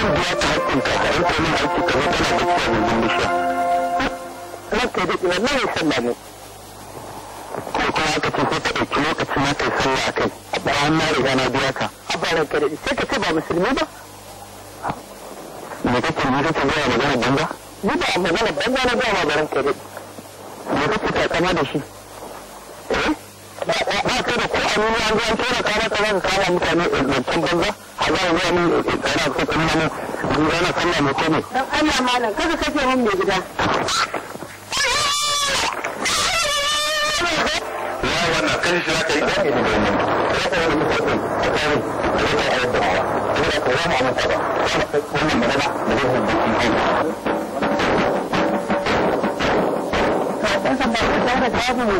zan biya ta hakkinka a yanka min hakki kamar kana da kiyaye mai bishiya. Ranka da ɗaya nan sallah ne. Ko kuma aka ce sai ka ɗauki lokaci na kai sallah a kai. A bayan na na biya ka. A bayan ka da sai ka ce ba musulmi ba. Me kake ne kake gaya magana banza? Ni ba magana banza na gaya ma ka Me kake takama da shi? Eh? Ba kai da ko a nuna an zo tura kama kama ka kama mutane eh, banza? Allah ya mu tsara ko kuma mun mun na sallah ne ko ne dan Allah malam kaga kace mun mai gida ya wannan kan shi zaka yi dai ne yi mu kwadin zaka yi zaka yi da kuma ko ma mun tsara magana da zai yi dan san ba ta da babu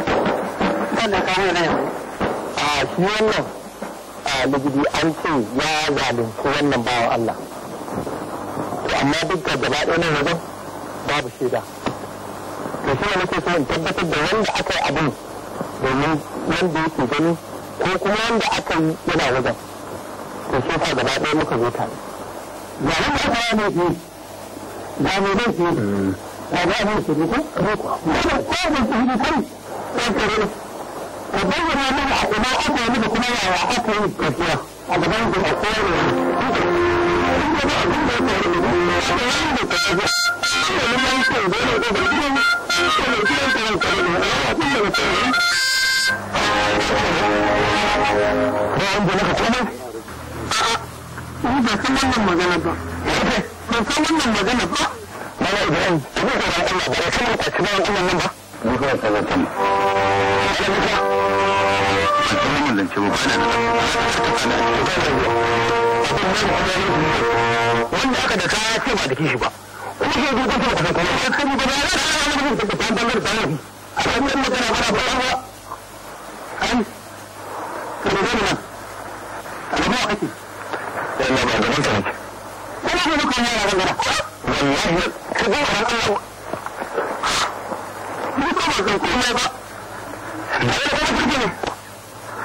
wannan kawai ne a ligidi an ce ya zalunci wannan bawan Allah to amma duk da gaba ɗaya nan wajen babu shaida to shi ne nake so in tabbatar da wanda aka yi abin domin wanda yake gani ko kuma wanda aka yi yana wajen to shi fa gaba ɗaya muka zo tare yayin da aka yi ne ga me zai ce ga ga ne ce ko ko ko ko ko ko ko ko ko ko ka bayyana mana a ina aka yi kuma yaya aka yi tafiya a gaban da a kowane Thank you. a tsawon mun aka da kaya ba da kishi ba ko ke duk ya ba ya da a kan nan magana ba ba ba an ka da nan a gaba kake yalla ba kuma ya ka ba zan komai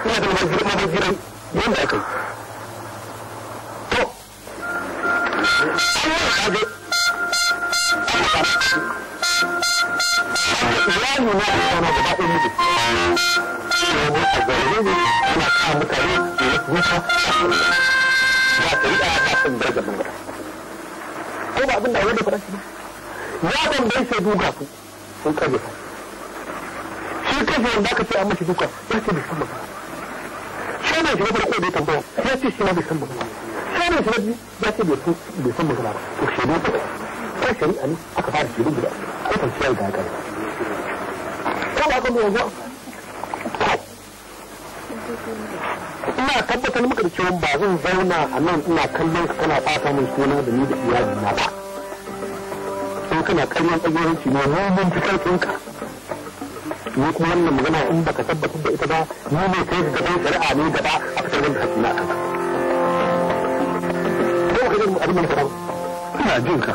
ina da mabazirai mabazirai yadda aka yi to Allah ka ga Iyali na da kama gaba ɗin miji. Yau a zaune ne ana kawo mutane da ya kusa a kuma. Za ka yi ɗaya ta san darajar mangara. Ko ba abin da wani da faransa ba. Ya tambaye sai duga su sun karbe su. Shi kansa wanda aka ce an mashi duka ya ce bai san ba. sai mai shiga farko da tambaya ya ce shi ma bai san magana sai shi shiga biyu ya ce bai san magana ba to shaidu uku ko shari'a ne aka fara shaidu guda ko kan ciyar ga haka ko ba ka mai yanzu ina tabbatar maka da cewa ba zan zauna a nan ina kallon ka kana fata min suna da ni da iyali na ba in kana kallon tsagiranci ne mun mun fi karfinka ni kuma wannan magana in baka tabbatar da ita ba ni ne kai gaban shari'a ne gaba a cikin wannan hakki na kan ko ka ga abin nan ka ina jin ka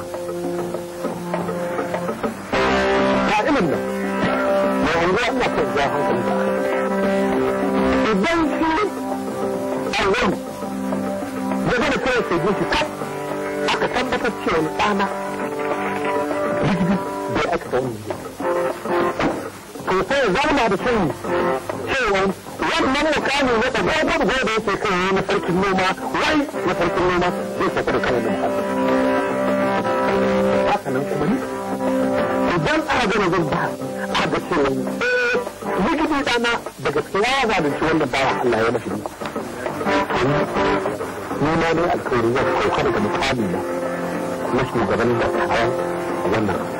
ka ilimin nan mai wanda ina son ya hankali ba idan shi alwani ya gana kawai sai gushi kaf aka tabbatar cewa ɗana rigidi bai aka ga wani to sai zauna da sani cewa wannan mukamin na ɗaga gudu da yake kai wani sarkin noma wai na sarkin noma zai tafi da kawai da haka nan kuma ne idan aka gana zan ba a ga cewa eh, ligidi dana da gaskiya ya zalunci wanda bawa Allah ya mashi ni ma ne alkawari zan kauka daga mukami na na shugaban da kayan wannan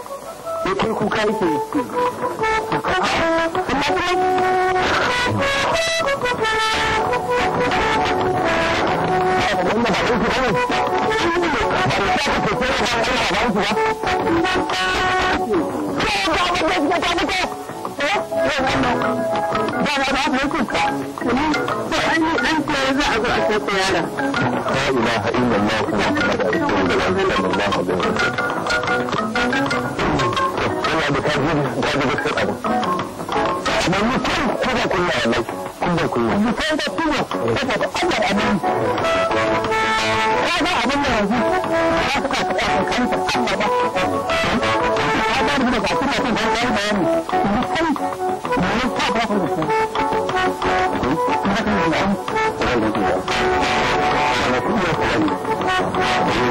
kai kuka yake Thank you. tana da tafi da tafi da kan abu amma mutum ko kun abin ka abin da yanzu ba su ka kanta Allah ba ka ba da ba kuma kun ka ba ku da shi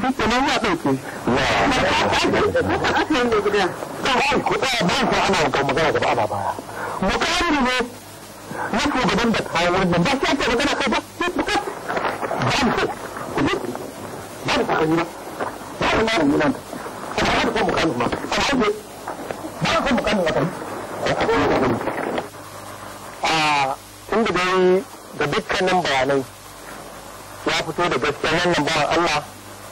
duka nan ya ɗauke. Kuɗa ba ana kan magana gaba ana baya. Mukami ne na shugaban da kayan wannan ba shi ake magana kai ba. Ba mu so. Ba mu sakani ba. Ba mu mara Ba mu so mukami ma. Ba mu so mukami ma kai. A inda dai da dukkanin bayanai ya fito da gaskiyar wannan bawan Allah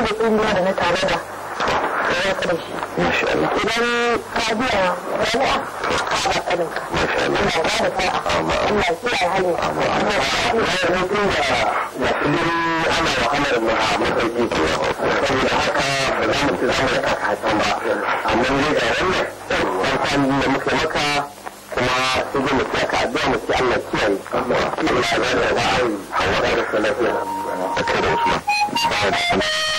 da tsindiya da na tare da da idan biya wani a ina ba da ta Allah kiyaye ana nufin da da tsibiri ana wahalar mu a masauki ke saboda haka ba za mu ci zama da kakasan da muka maka kuma sun ji mutu aka Allah kiyaye Allah ya ba da hawa da lafiya da kai da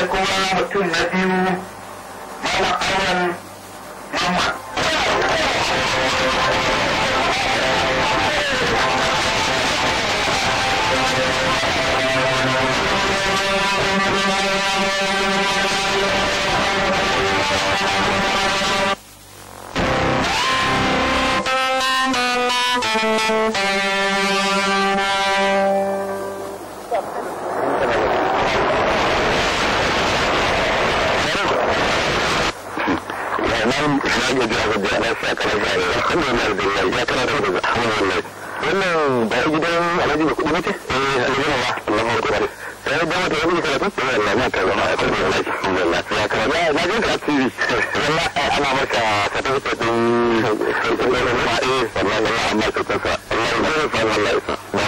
sai kuma mutum na biyu mama awon mama Thank you. nan na ga jawo da na sa kana da alhamdulillah billahi ya da alhamdulillah wannan gidan alhaji da kuɗi ne eh alhamdulillah Allahu akbar sai Allah a cikin alhamdulillah ya karama ana maka fatan fatan eh wallahi Allah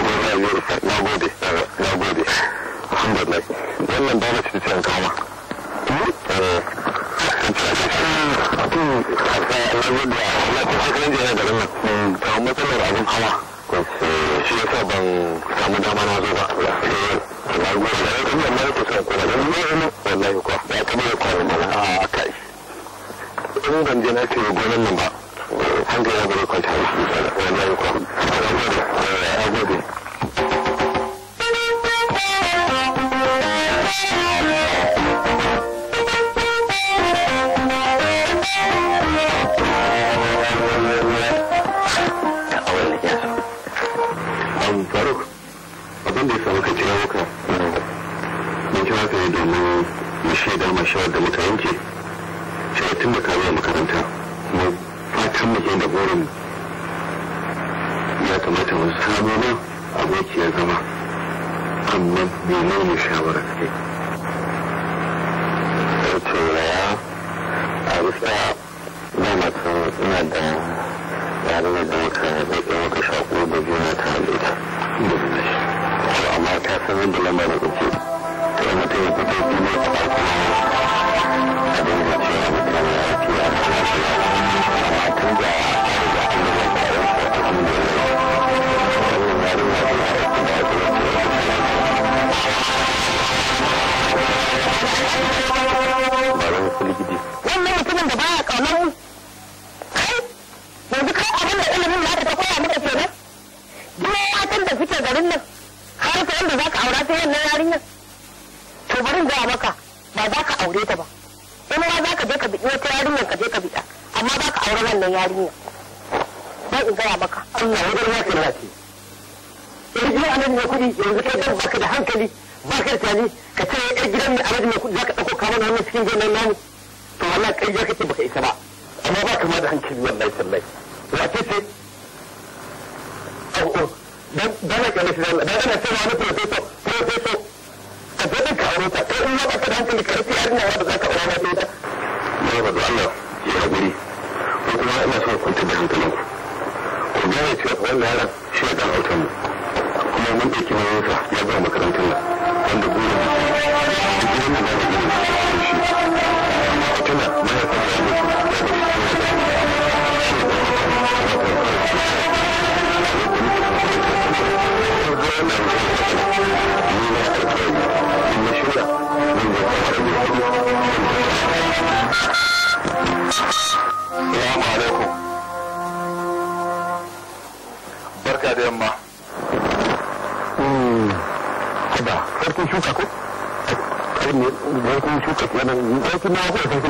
كنا عارفين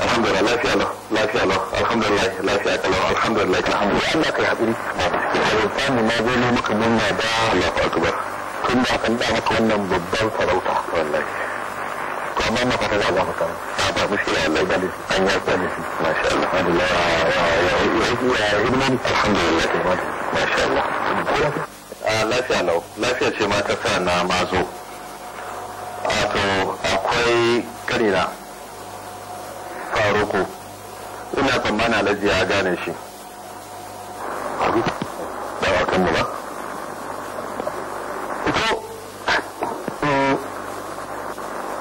الحمد لله لا شاء الله لا شاء الله الحمد لله لا شاء الله الحمد لله الحمد لله الله كي حبيبي الإنسان ما بينه ممكن منا دا الله أكبر كنا كنا مكنا مبدل فروتا والله كمان ما فتح الحمد لله الحمد لله a lafiya lau lafiya ce ma ta sa na mazo wato akwai karina faruku ina tsammana alhaji ya gane shi ba eh, eh,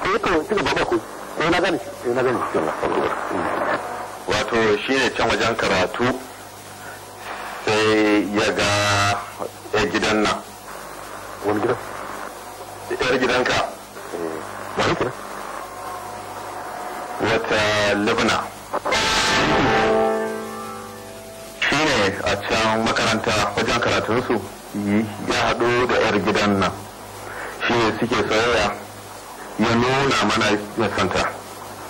eh, gane shi wato shi ne can wajen karatu sai ya ga yar gidan nan wani gidan yar gidanka eh, wani gidan? wata libna shi ne a can makaranta wajen karatunsu ya haɗu da yar gidan nan shi ne suke soyayya ya nuna mana ya santa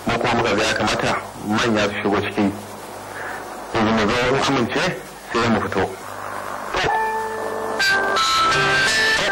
mu kuma muka ga ya kamata manya su shigo ciki yanzu mu zo amince sai mu fito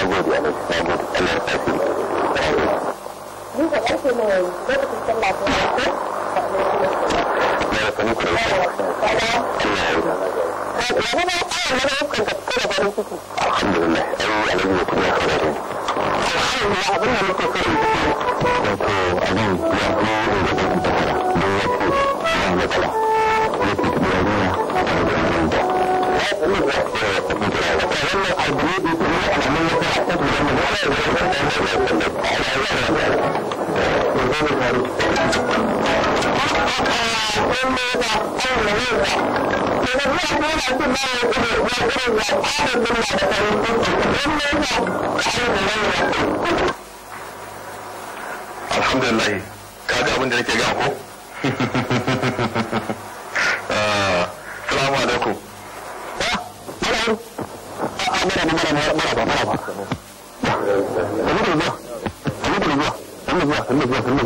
na gode ana na gode ana ta fi ko ko da kuma abin da kuma a alhamdulillah kaga abin da nake ga ko ah, alaikum mara na mara mara mara ba mara ba sannu da zuwa sannu da zuwa sannu zuwa sannu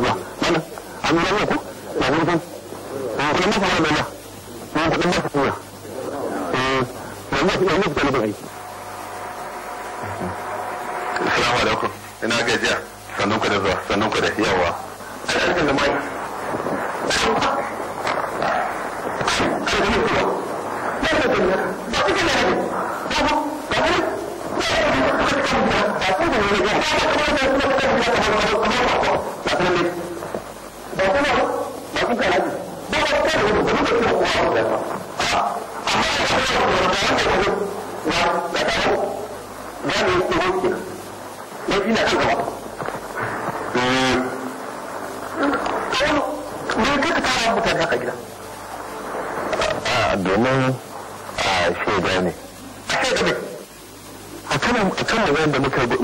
zuwa sannu zuwa gajiya sannu domin ah, a shaida ne a kan magana da muka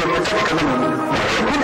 ya fita daga nan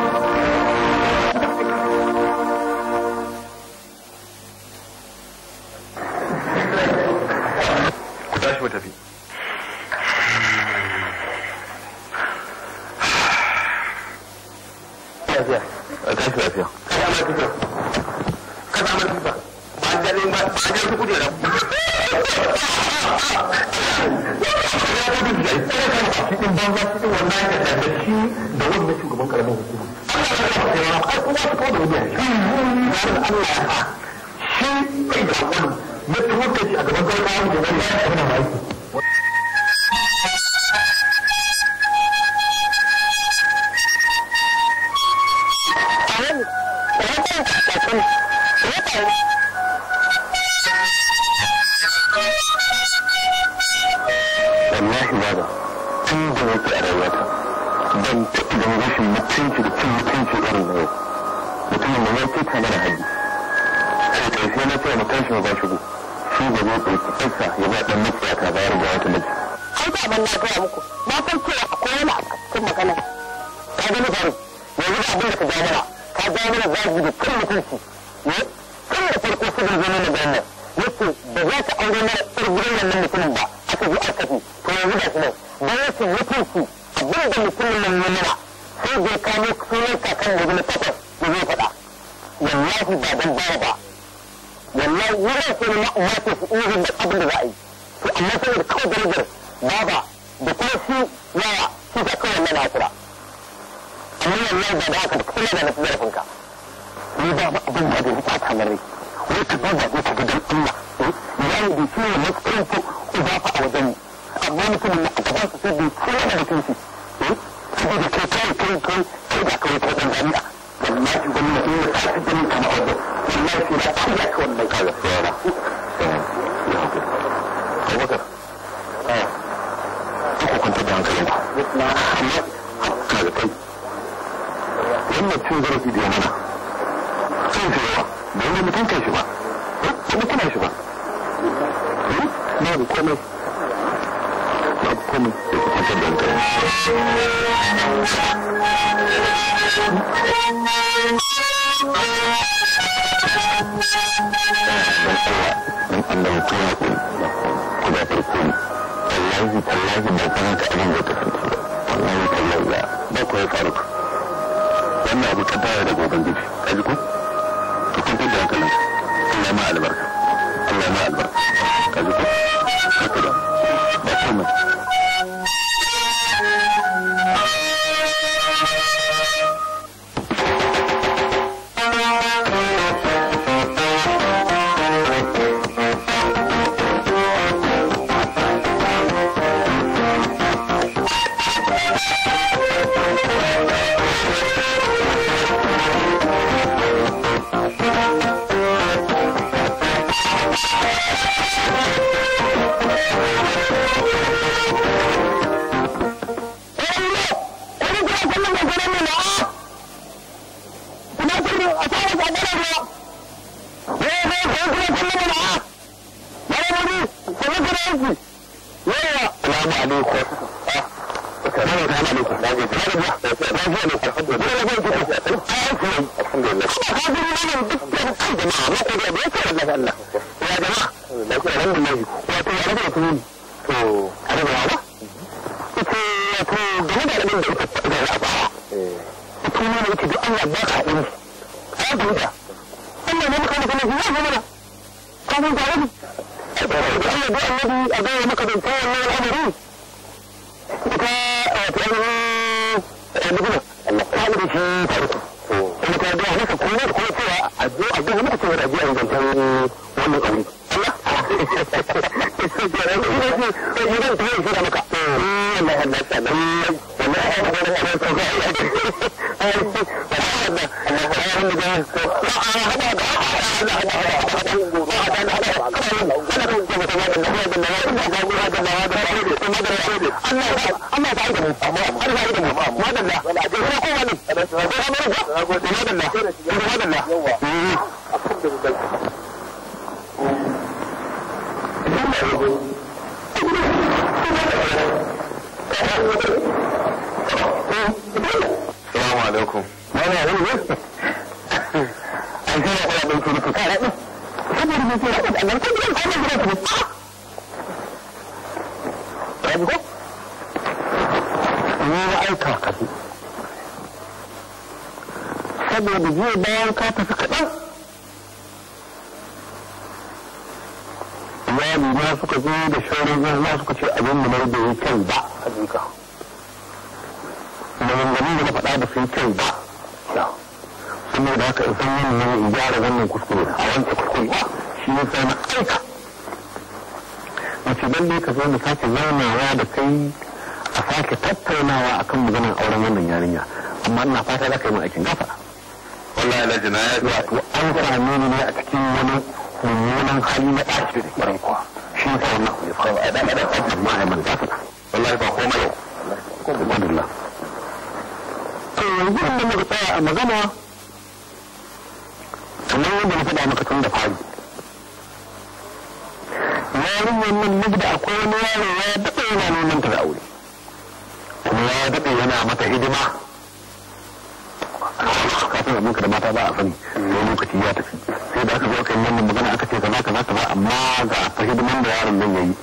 sai da aka zo aka yi wannan magana aka ce kaza kaza kaza amma ga fahidiman da yaron nan yayi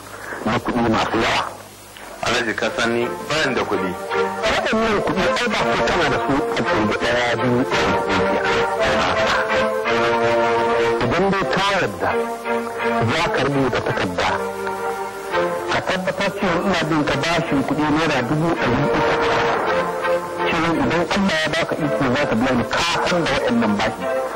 na kuɗi masu yawa alhaji ka sani bayan da kuɗi waɗannan kuɗi ai ba ku tana da su a cikin ɗaya biyu ɗaya idan dai ka yarda za ka rubuta takarda ka tabbatar cewa ina bin ka bashin kuɗi naira dubu ɗari uku cewa idan Allah ya baka iko za ka biya ni ka san da waɗannan bashi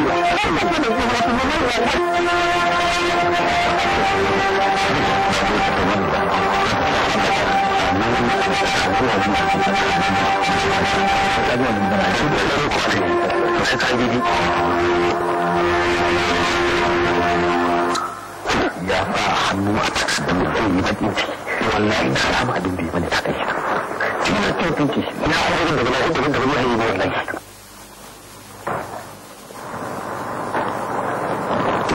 ya ba hannu a yi da da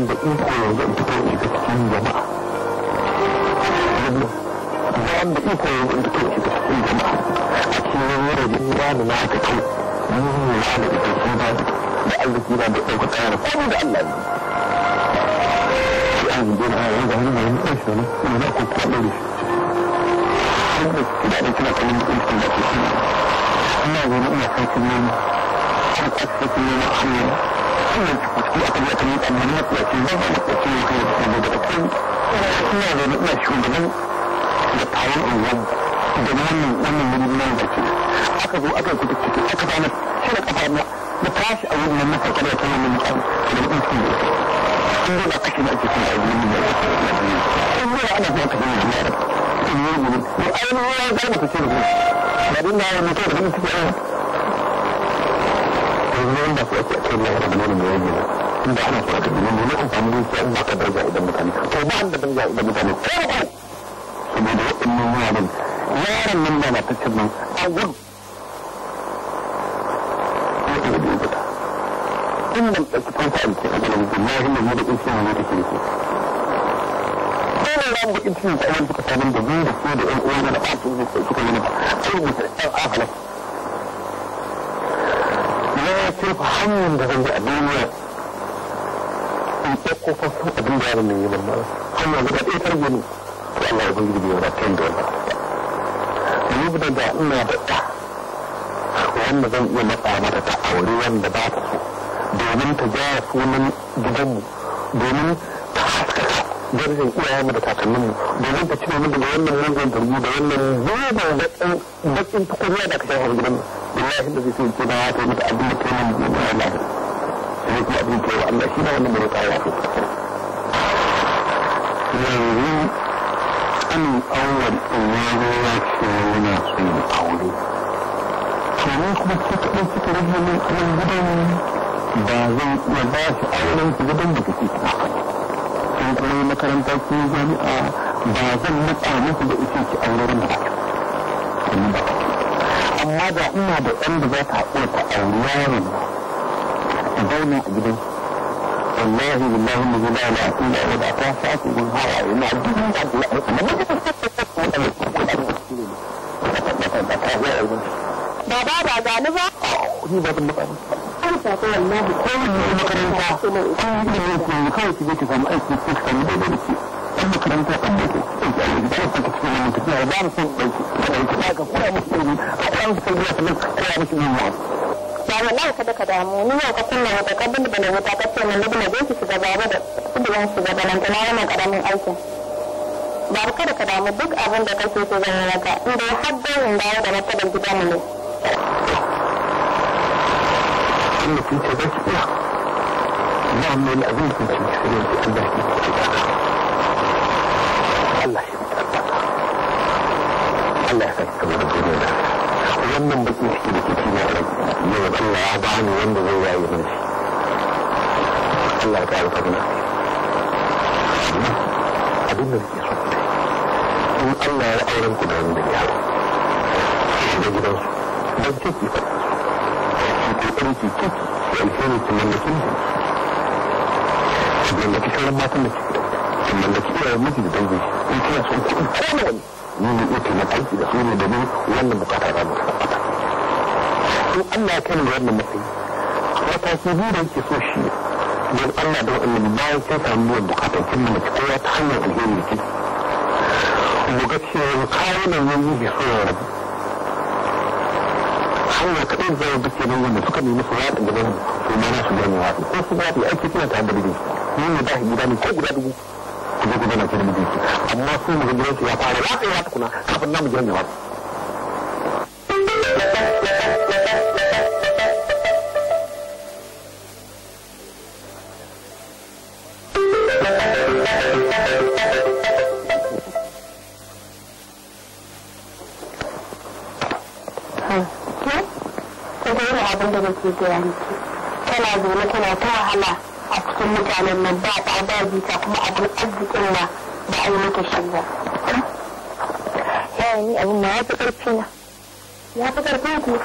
ban da iko yanzu in fito shiga cikin jama'a ban da iko yanzu in fito shiga cikin jama'a a cikin rajin wani na aka ce nuna na da ita sun ba da arziki na da ɗaukaka da Allah ne an yi da ne na ko kuma ɗaure shi da ne kina kallon ɗauki da ke shi ina gona ina sarkin noma يأتي الأمانات يأتي الوضع يأتي المبادئتين لا بمعنى شغلهم بالتعاون الوضع جمعنا من من من الوكيل أخذوا أكل كتب كتب أخذ عنا سنة أفعلنا بتعاش أول من مثل كده يتم من مقام كده بقوم في الوقت إنه لا أكشن أجي في العيد من الوقت إنه لا أنا في أكشن من الوقت إنه لا أنا في أكشن من الوقت بعدين ما نتوقع من الوقت ne da ku ake ake ya rabu ne mai yi inda ana kula da dinin ne amfani da shi ba ka daraja idan mutane to ba da daraja idan mutane ko ko saboda wannan yaron yaron nan da na tacin nan a gudu inda da ku da kuma da wallahi mun da insha Allah da kike ko ran bukin cin da da kaman da mun da su da ɗan uwan da ba su da su yi ne ba sai mu ta akala kirfa hanyar da zan bi a duniya in ɗauko fasin abin da yaron nan yi mamma hanya guda ɗaya targe ne ko Allah ya bangiji bai wadata yin da yi ni guda da ina da ta wanda zan iya matsa mata ta aure wanda ba ta so domin ta gyara sunan gidanmu domin ta haskaka darajar iyayenmu da kakanninmu domin ta cire mu daga wannan mugun mu da wannan zuwa da bakin tukunya da aka shafa gidanmu wallahi da zai sai ce ba ya kai mata abin da kai nan da ba Allah sai kuma abin da Allah shi ba wannan da roƙa ya fi yanzu an awwal din ya zo ya ce yana so ya aure to ne kuma ta kaɗai suka rage min ba zan makaranta ko jami'a ba zan matsa da ita ba amma da ina da ɗan da za ta ta auri ta zauna a gidan wallahi billahi mu zuba da aƙin wadda ta gun hawa da ta yi kuma da ta ba gani ba? Ni ba ta An ta wallahi ko makaranta. Kuma ita ne kawai ki je ki samu aiki ɗan makaranta ɗan boko da ka cikin wani tafiya ba mu san da ɗauki ba ka koya musu ilimi a su musu tarbiyya sannan ka ba kada ka damu ni ka kunna ka bin da na wuta ka ce da kudurin da lantana ƙaramin aikin. ba kada ka damu duk abin da kake so zan yi maka inda har yin dawo da martabar gidanmu ne. Allah ce zaki Allah ya saki kamar da wannan bakin cikin da ke cikin rai yau Allah ya bani wanda zai yaye min shi Allah ya ƙara fadina abin da nake so in Allah ya auren ku da wanda ya da gidansu don ciki fa ki ƙoƙarin ki ciki ki alheri ki mallakin ki mallaki sauran matan ke da ki mallaki iyayen miji da dangi in kina son kuɗi ko na wani ni ne iya tunan aiki da su ne domin wannan bukata za mu tabbata in Allah ya kai wannan matsayi mataki biyu da yake so shi don Allah da wannan bayan kin samu biyan mu kin mana ci kowa ta hanyar alheri da kike mu ga cewa kawo nan yanzu bai so ya rabu kaɗai zai duke nan wanda suka nemi su yaɗa gaban su ma su gane waɗi ko su ba su aiki suna ta da ni ne ba gida ne ko guda dubu ki zo na ke da amma sai mu ga ya fara ratsewa tukuna kafin namu gidan ya ba abin da nake gaya miki kana zaune kana ta wahala a cikin mutanen nan ba ta ba jita kuma abin arzikin na ba a yi mata shi ba yawan ni abin ma ya fi ƙarfi na ya fi ƙarfin ku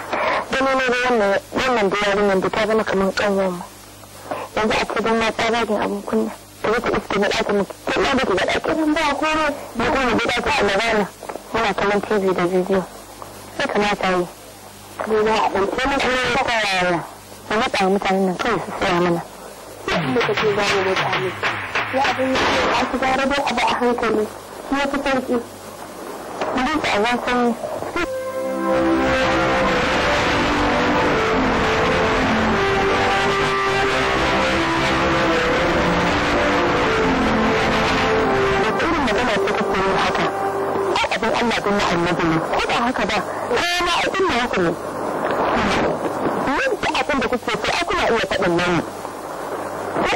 gani ne da wannan da yarinyar da ta zama kamar ƙanwar mu yanzu a ce don mata bagin abin kunna ta wata iske na ɗakin mutu ta ɗaya da ta ɗakin ba a koro da kuma da ɗakin a labana muna kallon tv da bidiyo sai kamata yi. Dole a ɗauke mutum ta kwaya ya. Mu matsa mutanen nan kawai su saya mana. wani lokaci za mu ya abin gara abu a hankali sauki Allah Muhammadu ne ko haka ba eh, ma abin da ne abin da kuke so ai kuna iya faɗin nan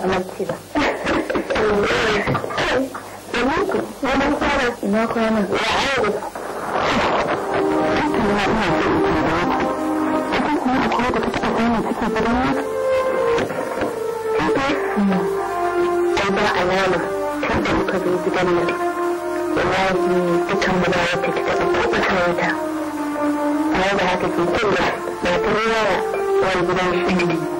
halarci ba. Ina kwana. ba alama tun gidan nan wallahi dukan mu da ko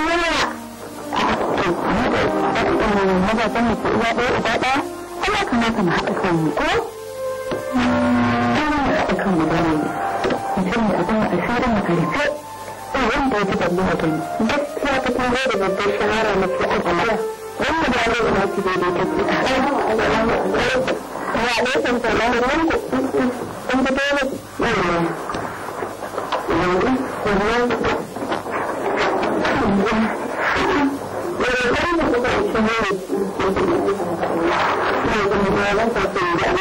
mazajen mu ke uwa ɗaya uba ɗaya kuma kamata mu haɗa kanmu ko mu haɗa kanmu da mu mutum da abin asirin mu karfe ba wanda ya ji balle a gani gaskiya ta kun da babbar shahara na ke al'amara wanda ba zai ina ki daidai ta ke a alaikum salam wanda in ta dole yanzu yanzu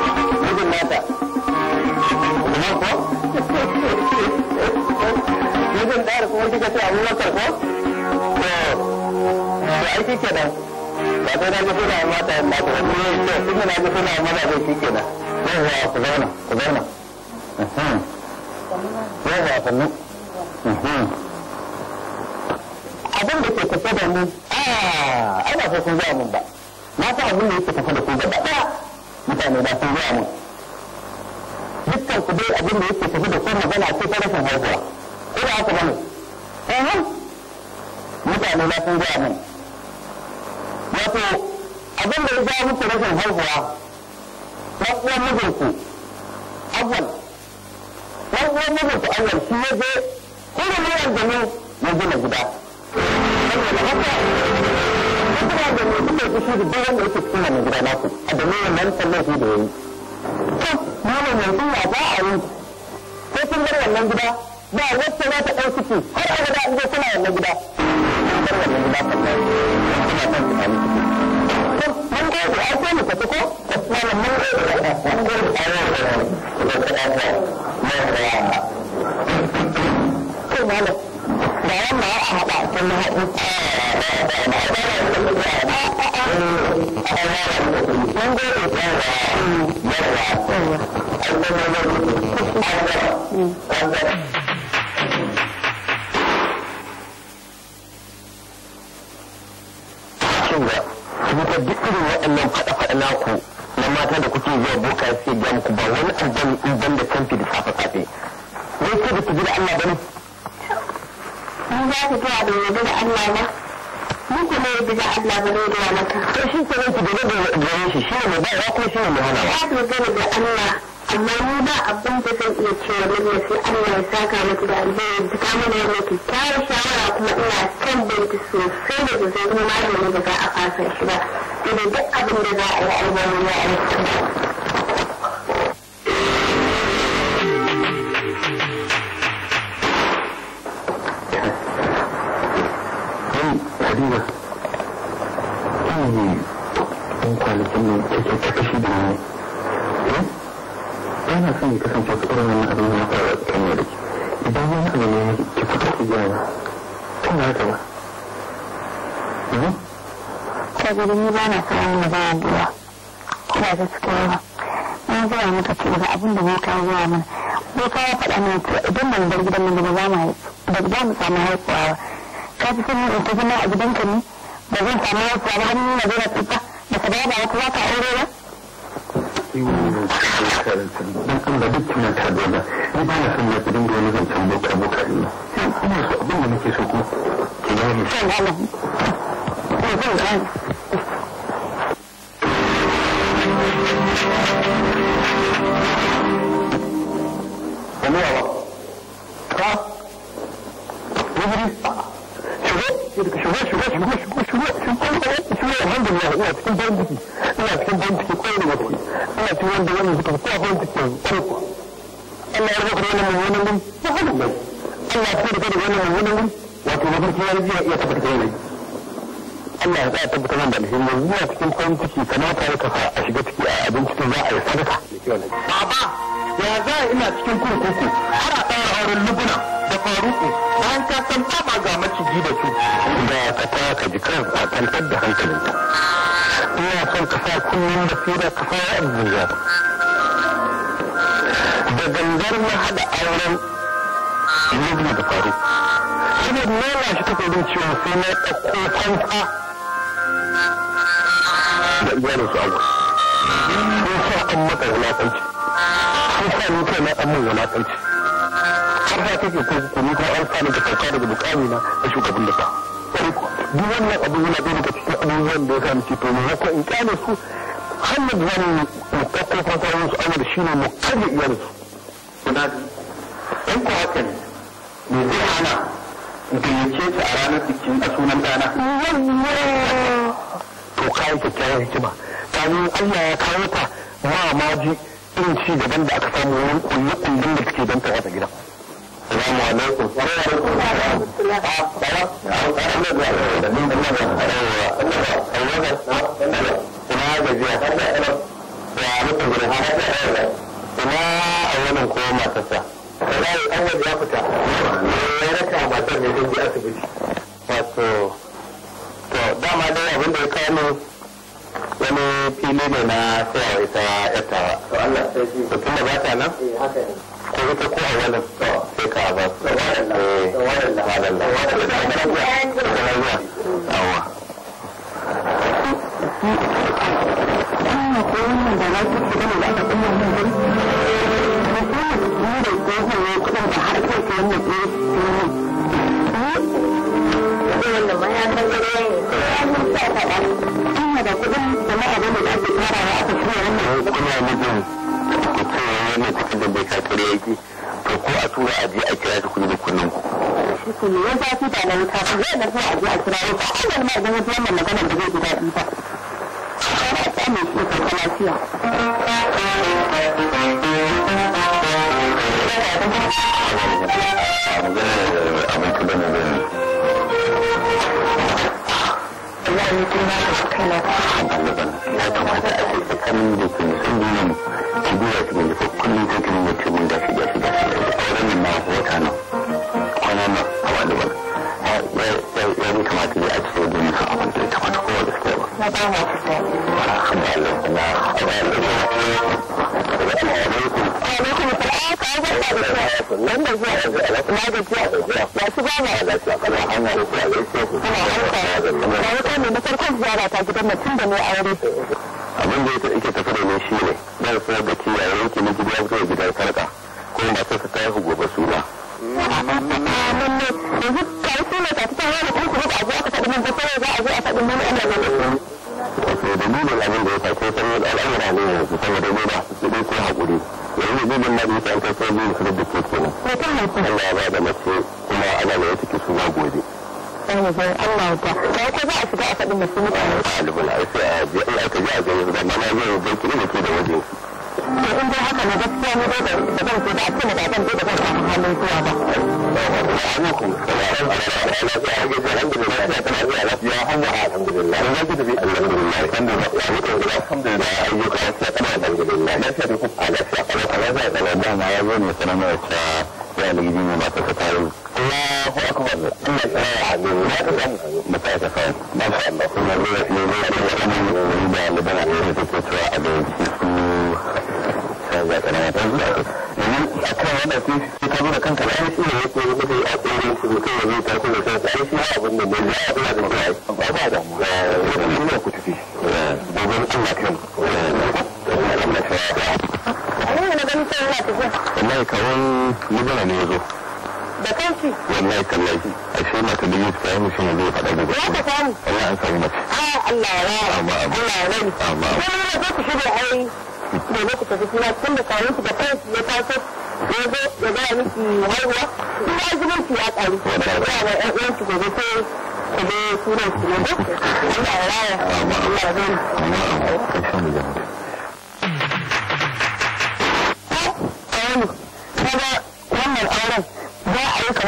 mijin nata kuma da na da na abin da ke tafe da mu a ah, ana so kun za mun ba na san abin da yake tafe da ku gaba ɗaya mutane ba sun gaya mun dukkan ku dai abin da yake tafi da ko magana ce ta rashin haihuwa ko da haka bane eh mutane ba sun gaya mun wato abin da ya ga muku rashin haihuwa ɗan uwan mijinku awwal ɗan uwan mijinku awwal shi ya je kuma ne yanzu ne gina gida fushi da duk wanda yake cikin wannan gida naku a dalilin nan sallar shi da yayi to malam yanzu ya a yi ko kun bar wannan gida ba wacce za ta ɗau ciki har abada in dai kuna wannan gida wannan gida kuna da sai Allah ya saka miki da alheri ta kama da ta yi shawara kuma ina son binki sosai da zai kuma magani da za a fasa shi ba. Idan duk abin da za a yi albarni ya aiki. ne kasance su irin wannan abin ba na kawo na da gidan nan ba za mu a gidanka ne ba zan samu ba har ni wata za aure ba wannan cikin karatun don Allah duk kina ta dole ya ku dinga wani zancen ina ina da nake so kuma ki gane sai Allah zan da alhimmin zuwa cikin farin ciki kamata ya kafa a shiga ciki a abin cikin za a yi sadaka. Baba ya za a ina cikin kurkuku har a tsara auren lubuna da faruku bayan ka san taba ga maciji da su. Da ka ta ka ji kan a kwantar da hankalinta. Ina son ka sa kullum basira ka fara abuja. Da gangar na haɗa auren lubuna da faruku. Saboda nuna shi ta kudin cewa sai na ɗauko kwanta gyara su abu sun sa an maka wulaƙanci sun sa ni kai na an min har da kake kurkuku ni kuma an sa ka sauka daga bukami na a shugaban da ba duk wannan abin yana ɗaya daga cikin abubuwan da ya sa ni ce to ko in kyale su hanyar da zamu mu ɗauko yin su amma da shi ne mu kaje iyalinsu. Ɗan ko haka ne, zai hana gayyace su a ranar bikin a sunan dana to kayan kyakkyawan hikima kamin Allah ya kawo ta ma maji irin ci gaban da aka samu wurin kulle kullun da take don ta gida Assalamu alaikum. Wa alaikum salam. Ah, bala. Allah ya a mun da Allah. Allah a Allah. Ina ga jiya. a mutu gure ha. Ina a wannan ko matarsa. Allah ya Allah ya kuma Ya raka matar ne ta je asibiti. Wato dama dai abin da ya kawo wani fili ne na tsayawa ita yata to Allah sai ba ta nan eh, ko ita ko a wannan sai ka ba to wannan eh da har kai wannan ma ya san gare ne ko ya yi sa faɗa tun da kudin jama'a ake tarawa aka wannan mutum ku ce da bai yake to ko a tura a je a kira ta kudi da kunnan ku shi da nan ta a je a kira ko ma magana da zai ji daɗi ba Thank you. Allah ne na Ya kamata a yi da a wani wani. Ya kamata ya ake a wani abin da yake tafi da ne shi ne dan sayar da kiyaye yanki na gida zuwa gidan sarka ko masu ta haihu gobe suna yanzu karfi ne ta cikin wani kuma a zo aka faɗi mun gasa za a zo a faɗi mun ana nan wato dalilin abin da ya faɗi sai sanin al'amura ne yanzu saboda ne ba su ɗin ko haƙuri yanzu ne bin nan yake an kai sai biyu su da ke kenan Allah ya ba da kuma ana ne take suna gobe Allah ya ta sai ko za a shiga a faɗi masu mutane a alibul sai a je in aka ji a gani da mana na ban kiri da ke da wajen to in dai haka ne gaskiya ni dai da zan ko da a cikin da zan je da zan samu halin zuwa ba Allahu wani ɗaliban a yau a da yake su canza ƙarama ta zuwa ta domin ya zai ne ya zo da kanki wallahi tallahi a ce mata da yusuf ya mutum ya zo faɗa ya samu an samu mace ah, Allah ya Allah ya amma da ku shirya tafi kuma tun da da kanki ya taso ya zo ya ga miki haihuwa kuma ya ki ya ƙaru da ga ɗan uwan ki gobe ko ku ne Allah ya Allah ya amma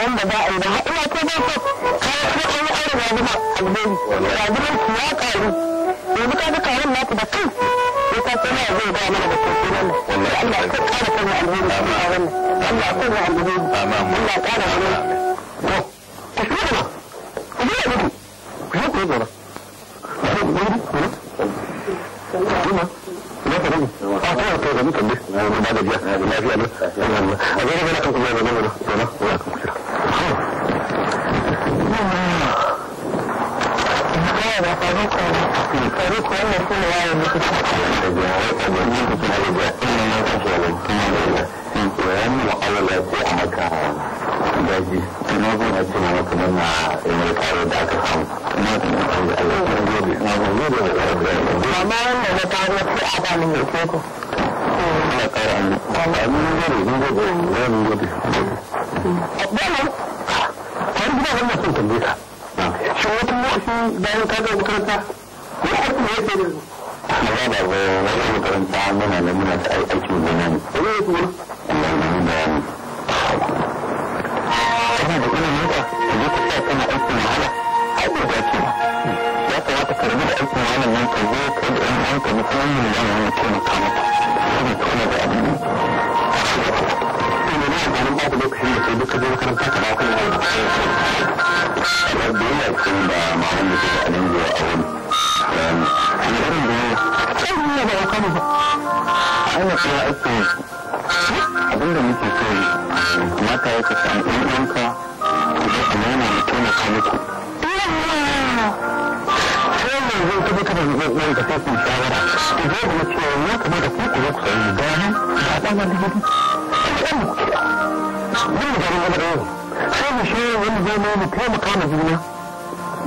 wanda ba a yi ba ina ko ba ko kayan kuma an yi aure da ba albani rayuwar ki ya karu yanzu ka ga na naku da kai ko ka ko na zai ba mana da kai wannan Allah ya kara kan albani a wannan Allah ya kara albani Allah ya kara albani za mu kama juna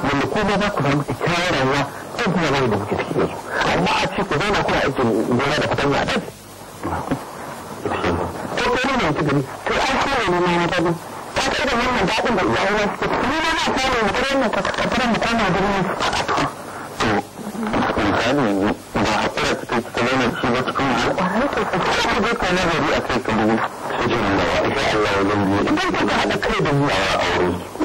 wanda kuma za ku samu kyakkyawar rayuwa ko kuma za da muke cikin yanzu amma a ce ku zauna kuna aikin gona da fatan zaɗen ko ko nuna wata gani to ai kawai ne na daɗi ta ce da wannan daɗin da rayuwa suke ni ma na samu mu kare mu tattara mu kama juna to misali cikin cikin ci ba cikin ko ko nazari a kai ka bugu sai jin Allah wajen biyu idan ka haɗa kai da mu a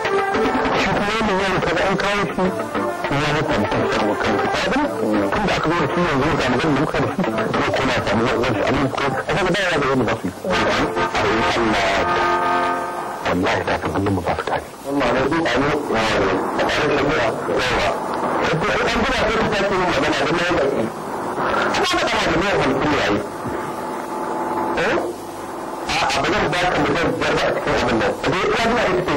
shi kuma yadda ya an kawo su ya rufe da kan samu kan su tun da aka zo da yanzu da kuma samu zan shi amma ko a da wani yi Allah ta kare Allah ne duk a a ne a ba zan ba ka mutum biyar ba a cikin abin nan da ya zuwa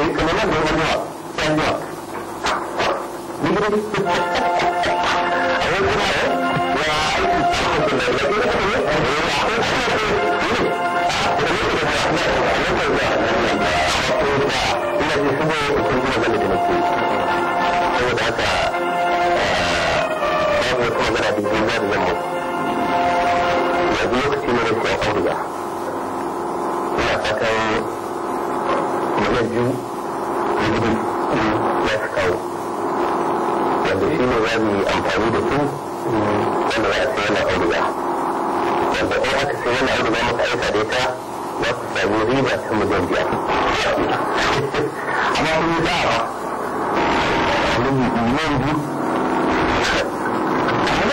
ita ce nan da wani ta kawo miliyan biyu na shi ne amfani da su wanda za a yana auduga wanda in aka sai na auduga maka aika da ita za ku sami riba ta amma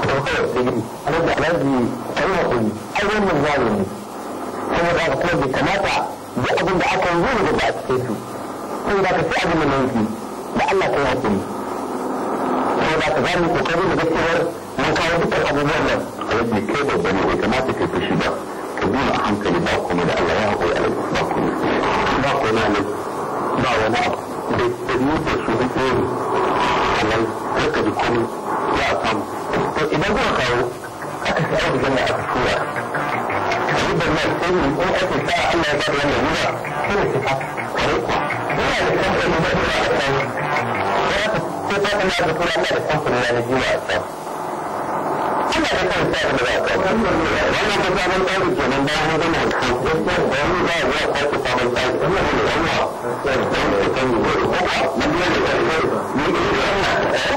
to kawai digiri a nan yi kuma bai kamata aka yi zai da ba a cikin na da Allah ta kokari da gaskiyar mun kawo dukkan abubuwan bai kamata kai fushi ka bi a hankali ba kuma da Allah ya ba kuma ba kuma ba da ka a to idan kawo aka sai aka nan sai ake sa Allah ya ba da da a kan ko ta kana da Allah da Allah da kan sa da ba ka wannan ko sabon tsari kenan da wani ko da ba ya tsari ne da ko mun da ne ne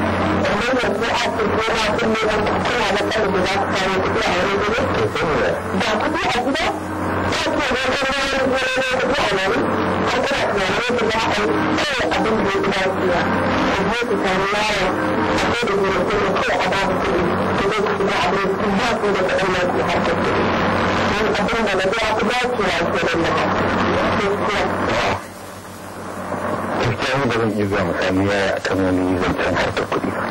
hanyar ko asir ko su da su a wani gari. Ba a gida? Ba ke da da za da Ku da da ba ku da kaɗan da da na biya ku da zan iya zuwa yaya akan wani zancen kuɗi ba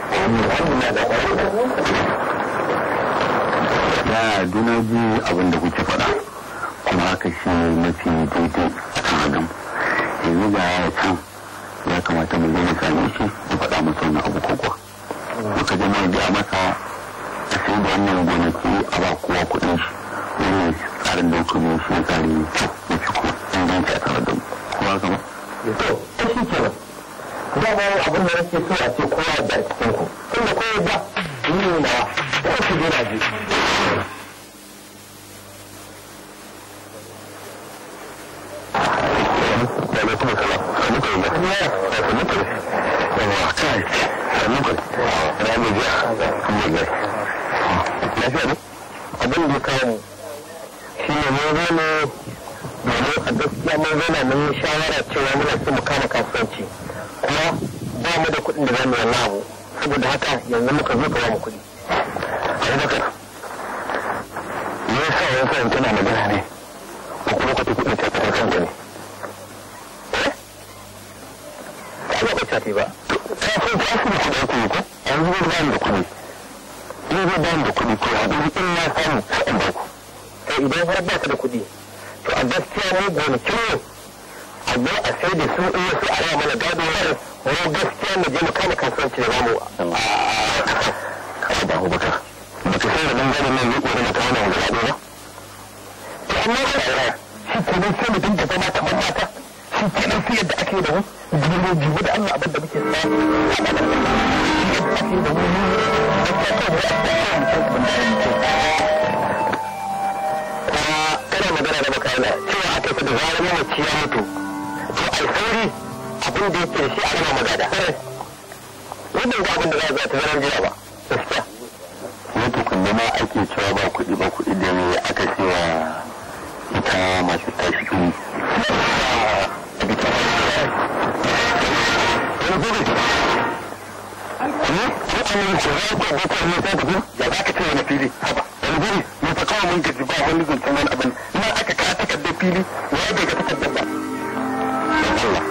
ya duna ji abin da kuke faɗa kuma haka shi mafi daidai a kan adam yanzu ga ya can ya kamata mu zai same shi mu faɗa masa wani abu kwakwa muka je mai biya masa a sai da wannan gonaki a ba kowa kuɗin shi wani tsarin da kuma shi tsari ne kyau da ciko inganci a tare da kuma kama. Ya ta shi kenan. dama abin da nake so a ce kowa da cikin ku tun da kowa da ni ne ku je na je abin da kawo shi ne mun zo ne domin a gaskiya mun zo na mun shawara cewa muna so mu kama kasuwanci kuma ba mu da kuɗin da za mu wannan abu saboda haka yanzu muka zo kawo mu kuɗi abubakar me yasa wani sa'in tana magana ne ko kuma ka ta kuɗin ta fitar kanka ne eh? ba ka tafi ba ta fi ta fi da kuɗin kuɗi ko yanzu zai ba mu da kuɗi in zai bayan da kuɗi ko haɗu in na samu sa'in ba ku eh, idan har ba ka da kuɗi to a gaskiya ne gonakin mu a a sai da su in wasu ara mana gado wani gaskiya mu je mu kama kasuwanci ce zamu a ba ku baka ba sai da nan gado nan da wannan gado ba to amma ba shi sai mutum zama kamar mata shi ke nan sai yadda ake da mu da Allah abin da muke samu kana magana da makana cewa aka da zarar mamaci ya abin da yake shi a rama magada ba abin da za a ta zaran ba gaskiya kun ma ake cewa ba kuɗi ba kuɗi da aka cewa ita masu tashi fili wani mun ta kawo abin na aka fili Allah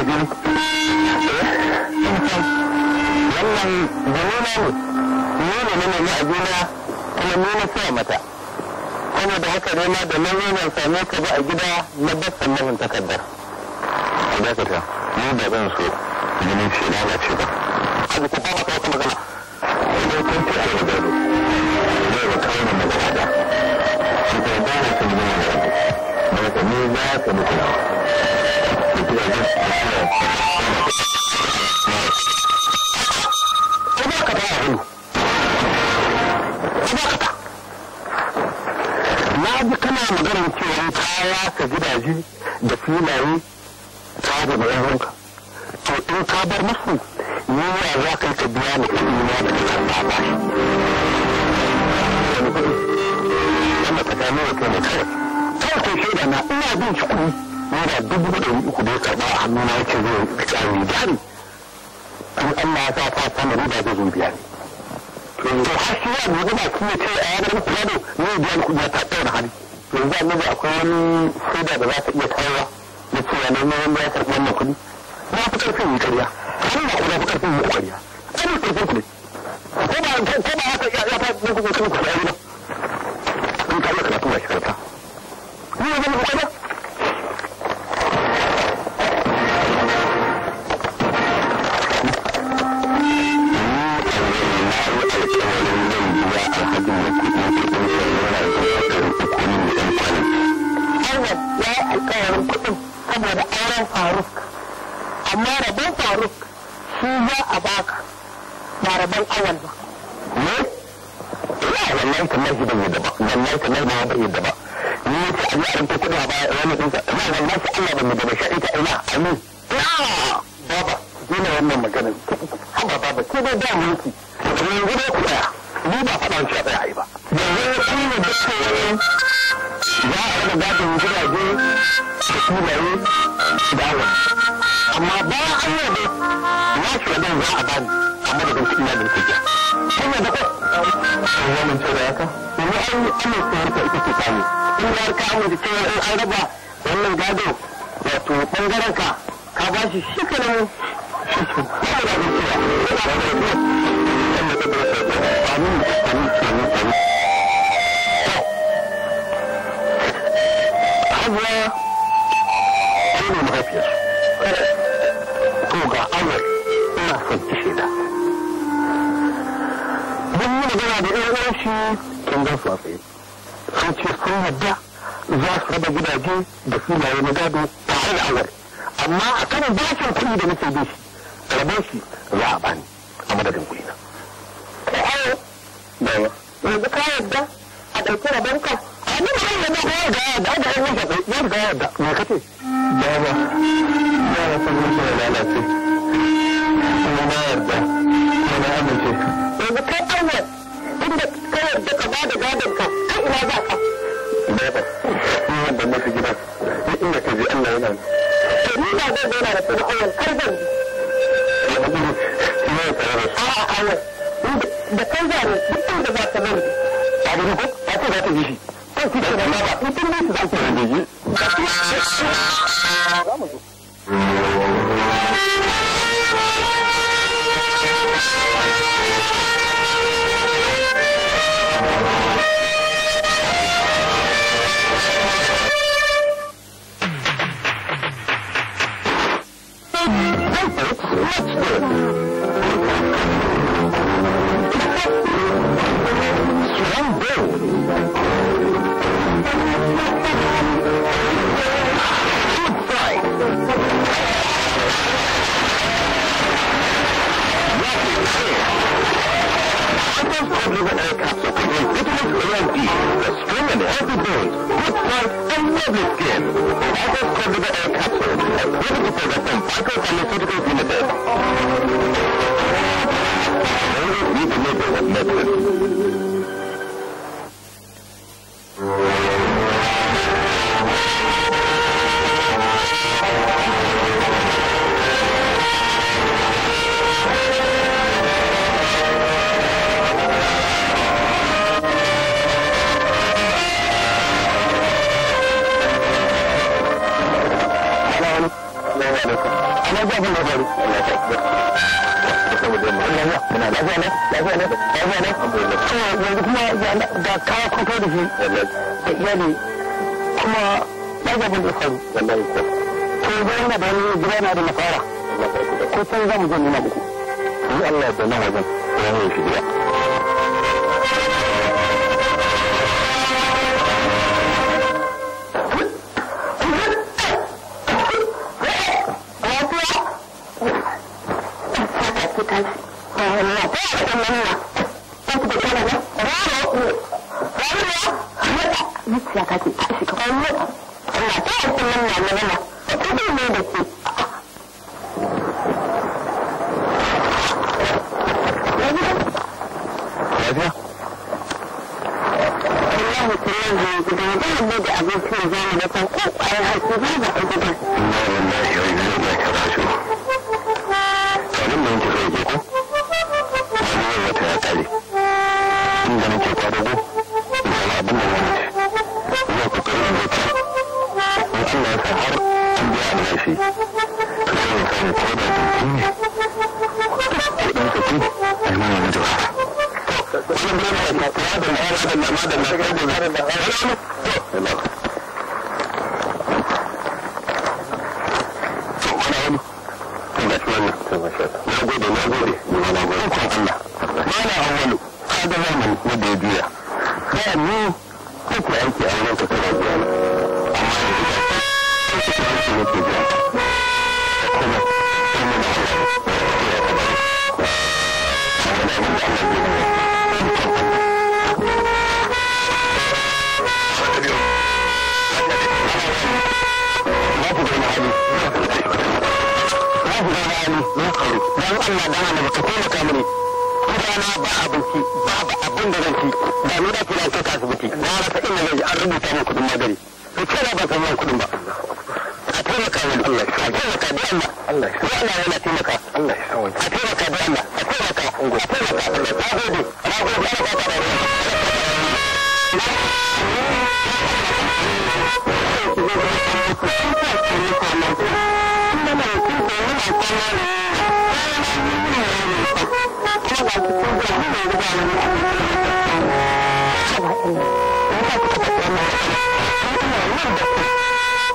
guda biyu wannan dalila ne ne ne nemi abina kuma nuna na sa mata kuma da haka ne ma da nuna yana same ka ba a gida na basan mahun takardar a dakata ni ba zan so ganin shi lalace ba a Oh, Eu vou, eu vou...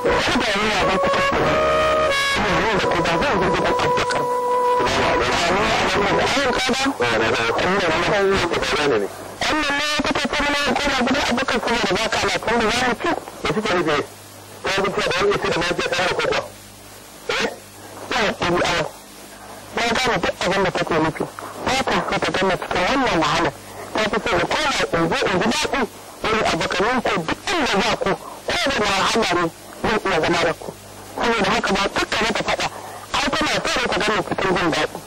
shi ba yana ba ku tabbata ba ne ko ba zan gudu ba duk abin da take nufi ba wannan wahala ta fi so ko na in zo in ji daɗi wani abokanin ko zai iya zama da ku saboda haka ba tukka mata faɗa ai tana so ta gane cikin jin daɗi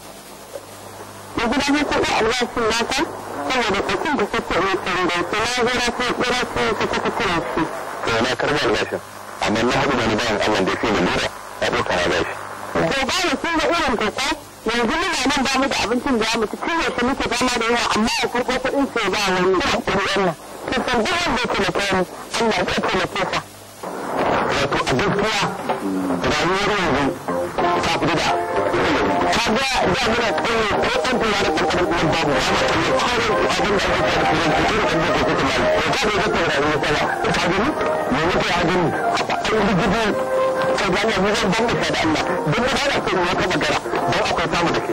na gida ne ko iya albashin nata saboda kusin da suke mai canza su na gora ko tsira ko ta kuka kuna shi. to na karɓi albashin amma na haɗu da ni bayan allah da ya fi da lura a ɗauka na bashi. to ba mu sun ga irin kuka yanzu muna nan ba mu da abincin da ya mutu tun yaushe muke dama da yawa amma a karɓo kuɗin sai ba wani. to san duk wanda ya taimake ni allah zai taimake sa. wato a gaskiya rayuwar yanzu ta fi da ka ga da muna tsaye ko an tura da kankan kuma babu amma ta yi kawai abin da ake kira kuma ta tura kan da kuma ta yi ta ne zata rayuwar tsala ta gani ne mutu ya gani an rigidi ta gani abubuwan ban da Allah duk da ana kai ne wata magana don akwai samu da ke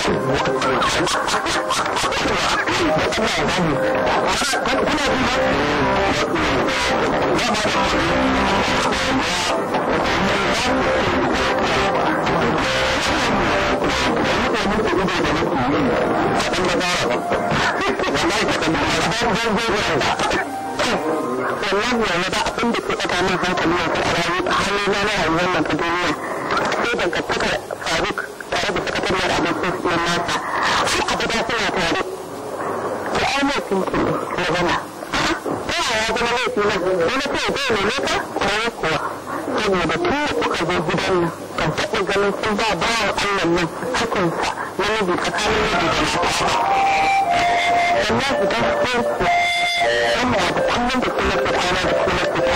faruwa ta rayuwa ta hannun na rayuwar nan ta duniya sai dangantakar faruk zai siya mata a gida suna tare da ai laifin ki magana ta yaya zama laifi na wani kai zai neme ka kwaye kuwa saboda tun da kuka zo gidan nan ban taɓa ganin sun ba bawan allah nan hakunsa namiji tsakanin miji da mata sannan su don kuwa amma wata kullum da kuma su da kuma su tun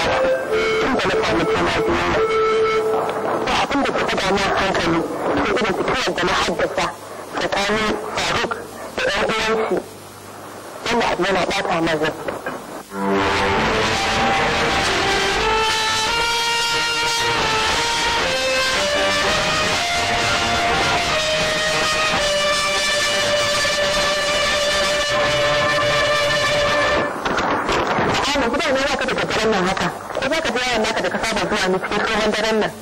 da na kwanaki na biyu ba abin da suka dama hankali ko irin fitowar da na haddasa tsakanin faruk da yan uwansu wanda za yana bata mazan nan haka ko za ka je yawan naka da ka saba zuwa ne cikin tsohon daren nan.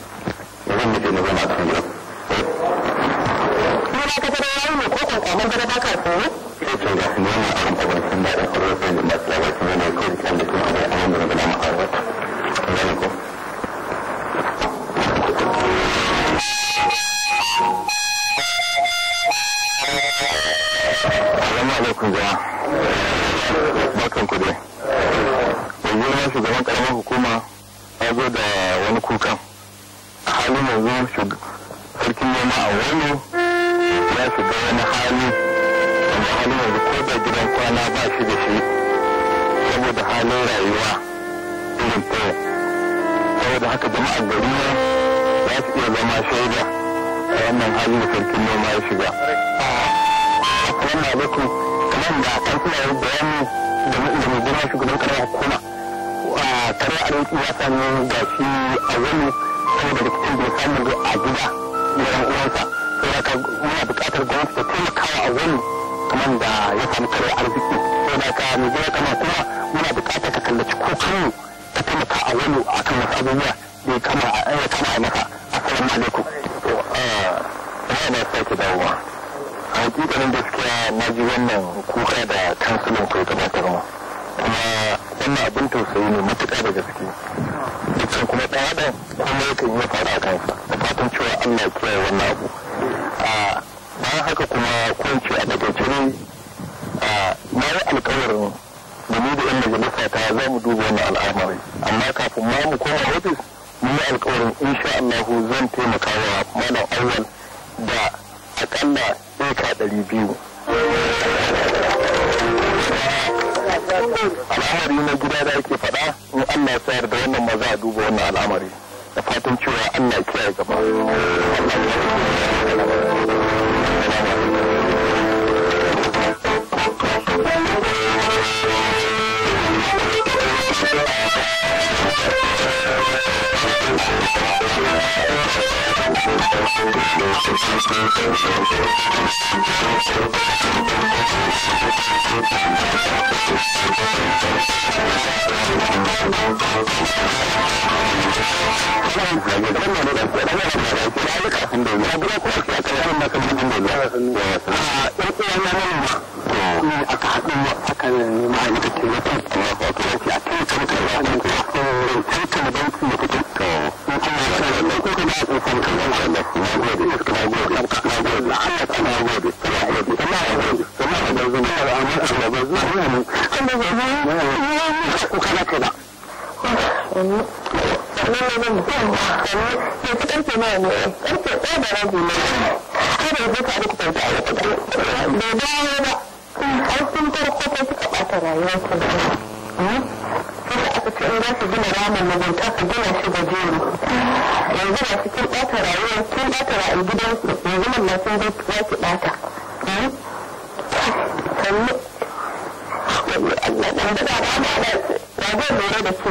Zan mutu ne ba ma cikin gidan. ka ga da yayi ne ko kankaman gaba ba ka tsoro ita ce ga kuma wannan abin da ban da aure da kuma ne kan da kuma abin da ne ko alaikum jama'a. Barkan ku dai. hali da noma ya shiga. Assalamu alaikum kamar da kan suna yin bayani da mai shugaban karar hukuma. Karar arziki ya sami da a wani saboda rikicin da ya samu a gida da yan uwansa. Saboda muna buƙatar gwamnati ta taimakawa a wani kamar da ya samu karar arziki. Saboda ka mai gina kama kuma muna buƙatar ka kallaci ko kanmu ka taimaka a wani akan wasu abubuwa da ya kama a maka. ke bisa da kuka da aiki da ba dawo ba ai sun farko ta suka bata rayuwar su da sai aka ce in za su gina ramin mugunta su gina shi da jeri yanzu ba su kin bata rayuwar kin bata rayuwar gidansu yanzu nan na sun za ki bata sannu Allah dan da ba ma da ba zai lura da su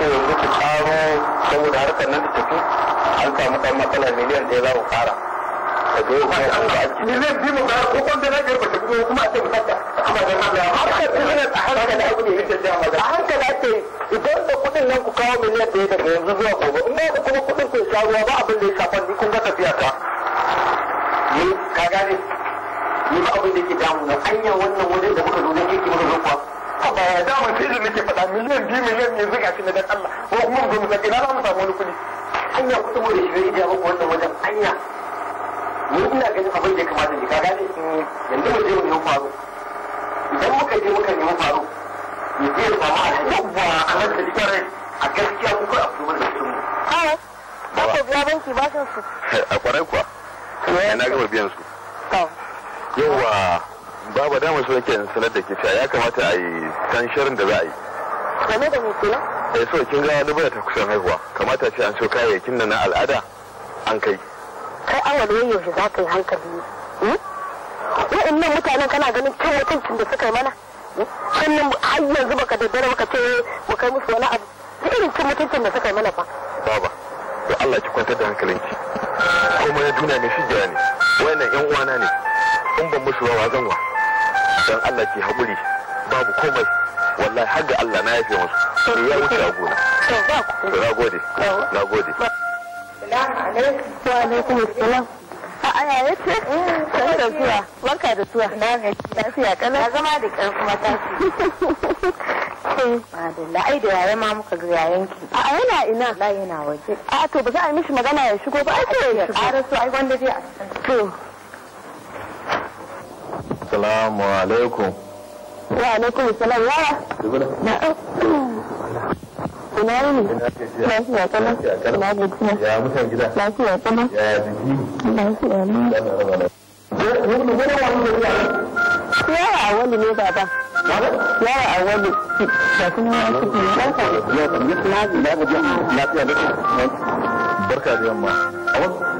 ce yanzu ku tsaro saboda harkar nan ta tafi an samu kan matsala miliyan ɗaya za ku fara ka zo ba a baki Miliyan biyu mu ba ko kwanza na garba ta fito kuma a ce musaka kuma da harkar a da abu ne yake da maza a ce idan da kuɗin nan ku kawo miliyan ɗaya daga yanzu zuwa gobe in ba kuma kuɗin ku ba abin da ya shafa ni kun ga tafiya ta ni ka gane ni ba abin da damu na anya wannan wajen da muka zo ne muka zo kuwa yaya eh, da mun sai nake faɗa miliyan biyu miliyan yanzu ga shi na dan Allah ko kuma mu san ina za mu samu wani kuɗi da shi zai iya maka wannan wajen anya ni ina ganin abin da ya kamata ne ka gane eh, yanzu mu je mu nemi faru idan muka je muka nemi faru ya je ya samu alhaji da a gaskiya mu kai abu da su mu ba ku biya banki ba su eh, a kwarai kuwa na gaba biyan su yawwa babu damar su yake sanar da ke cewa ya kamata a yi san shirin da za a yi Kame da me kenan eh so kin ga wani bada ta kusan haihuwa kamata ce an so kayayyakin nan na al'ada an kai kai da wai shi za ka yi hankali hmm? nan mutanen kana ganin kan mutuncin da suka yi mana hmm? sannan har yanzu baka daddare baka ce mu kai musu wani abu da irin cin mutuncin da suka yi mana fa baba to Allah ki kwantar da hankalinki kuma ya duniya ne shi ne wannan yan uwana ne Kun ban musu rawa zanwa don Allah ki haƙuri babu komai wallahi har ga Allah na yafe musu ni ya wuce a gona to na gode na gode wa alaikum assalam ana ya ce sai eh, da zuwa barka da zuwa na ga lafiya kana zama da karfi matashi Madalla, ai da yaya ma muka ga yayanki. A yana ina? La yana waje. A to ba za a yi mishi magana ya shigo ba, ai to ya shigo. A rasu ai wanda zai a To, Assalamu alaikum. Wa alaikum salam wa. Na'am. Ina yini? Lafiya kana? Ina gajiya. Ya mutan gida. Lafiya kana? Ya jiki. Lafiya ne. Yawa awali ne baba. Yawa awali. Ba kuma ya kuke barka. Barka da yamma. Awali.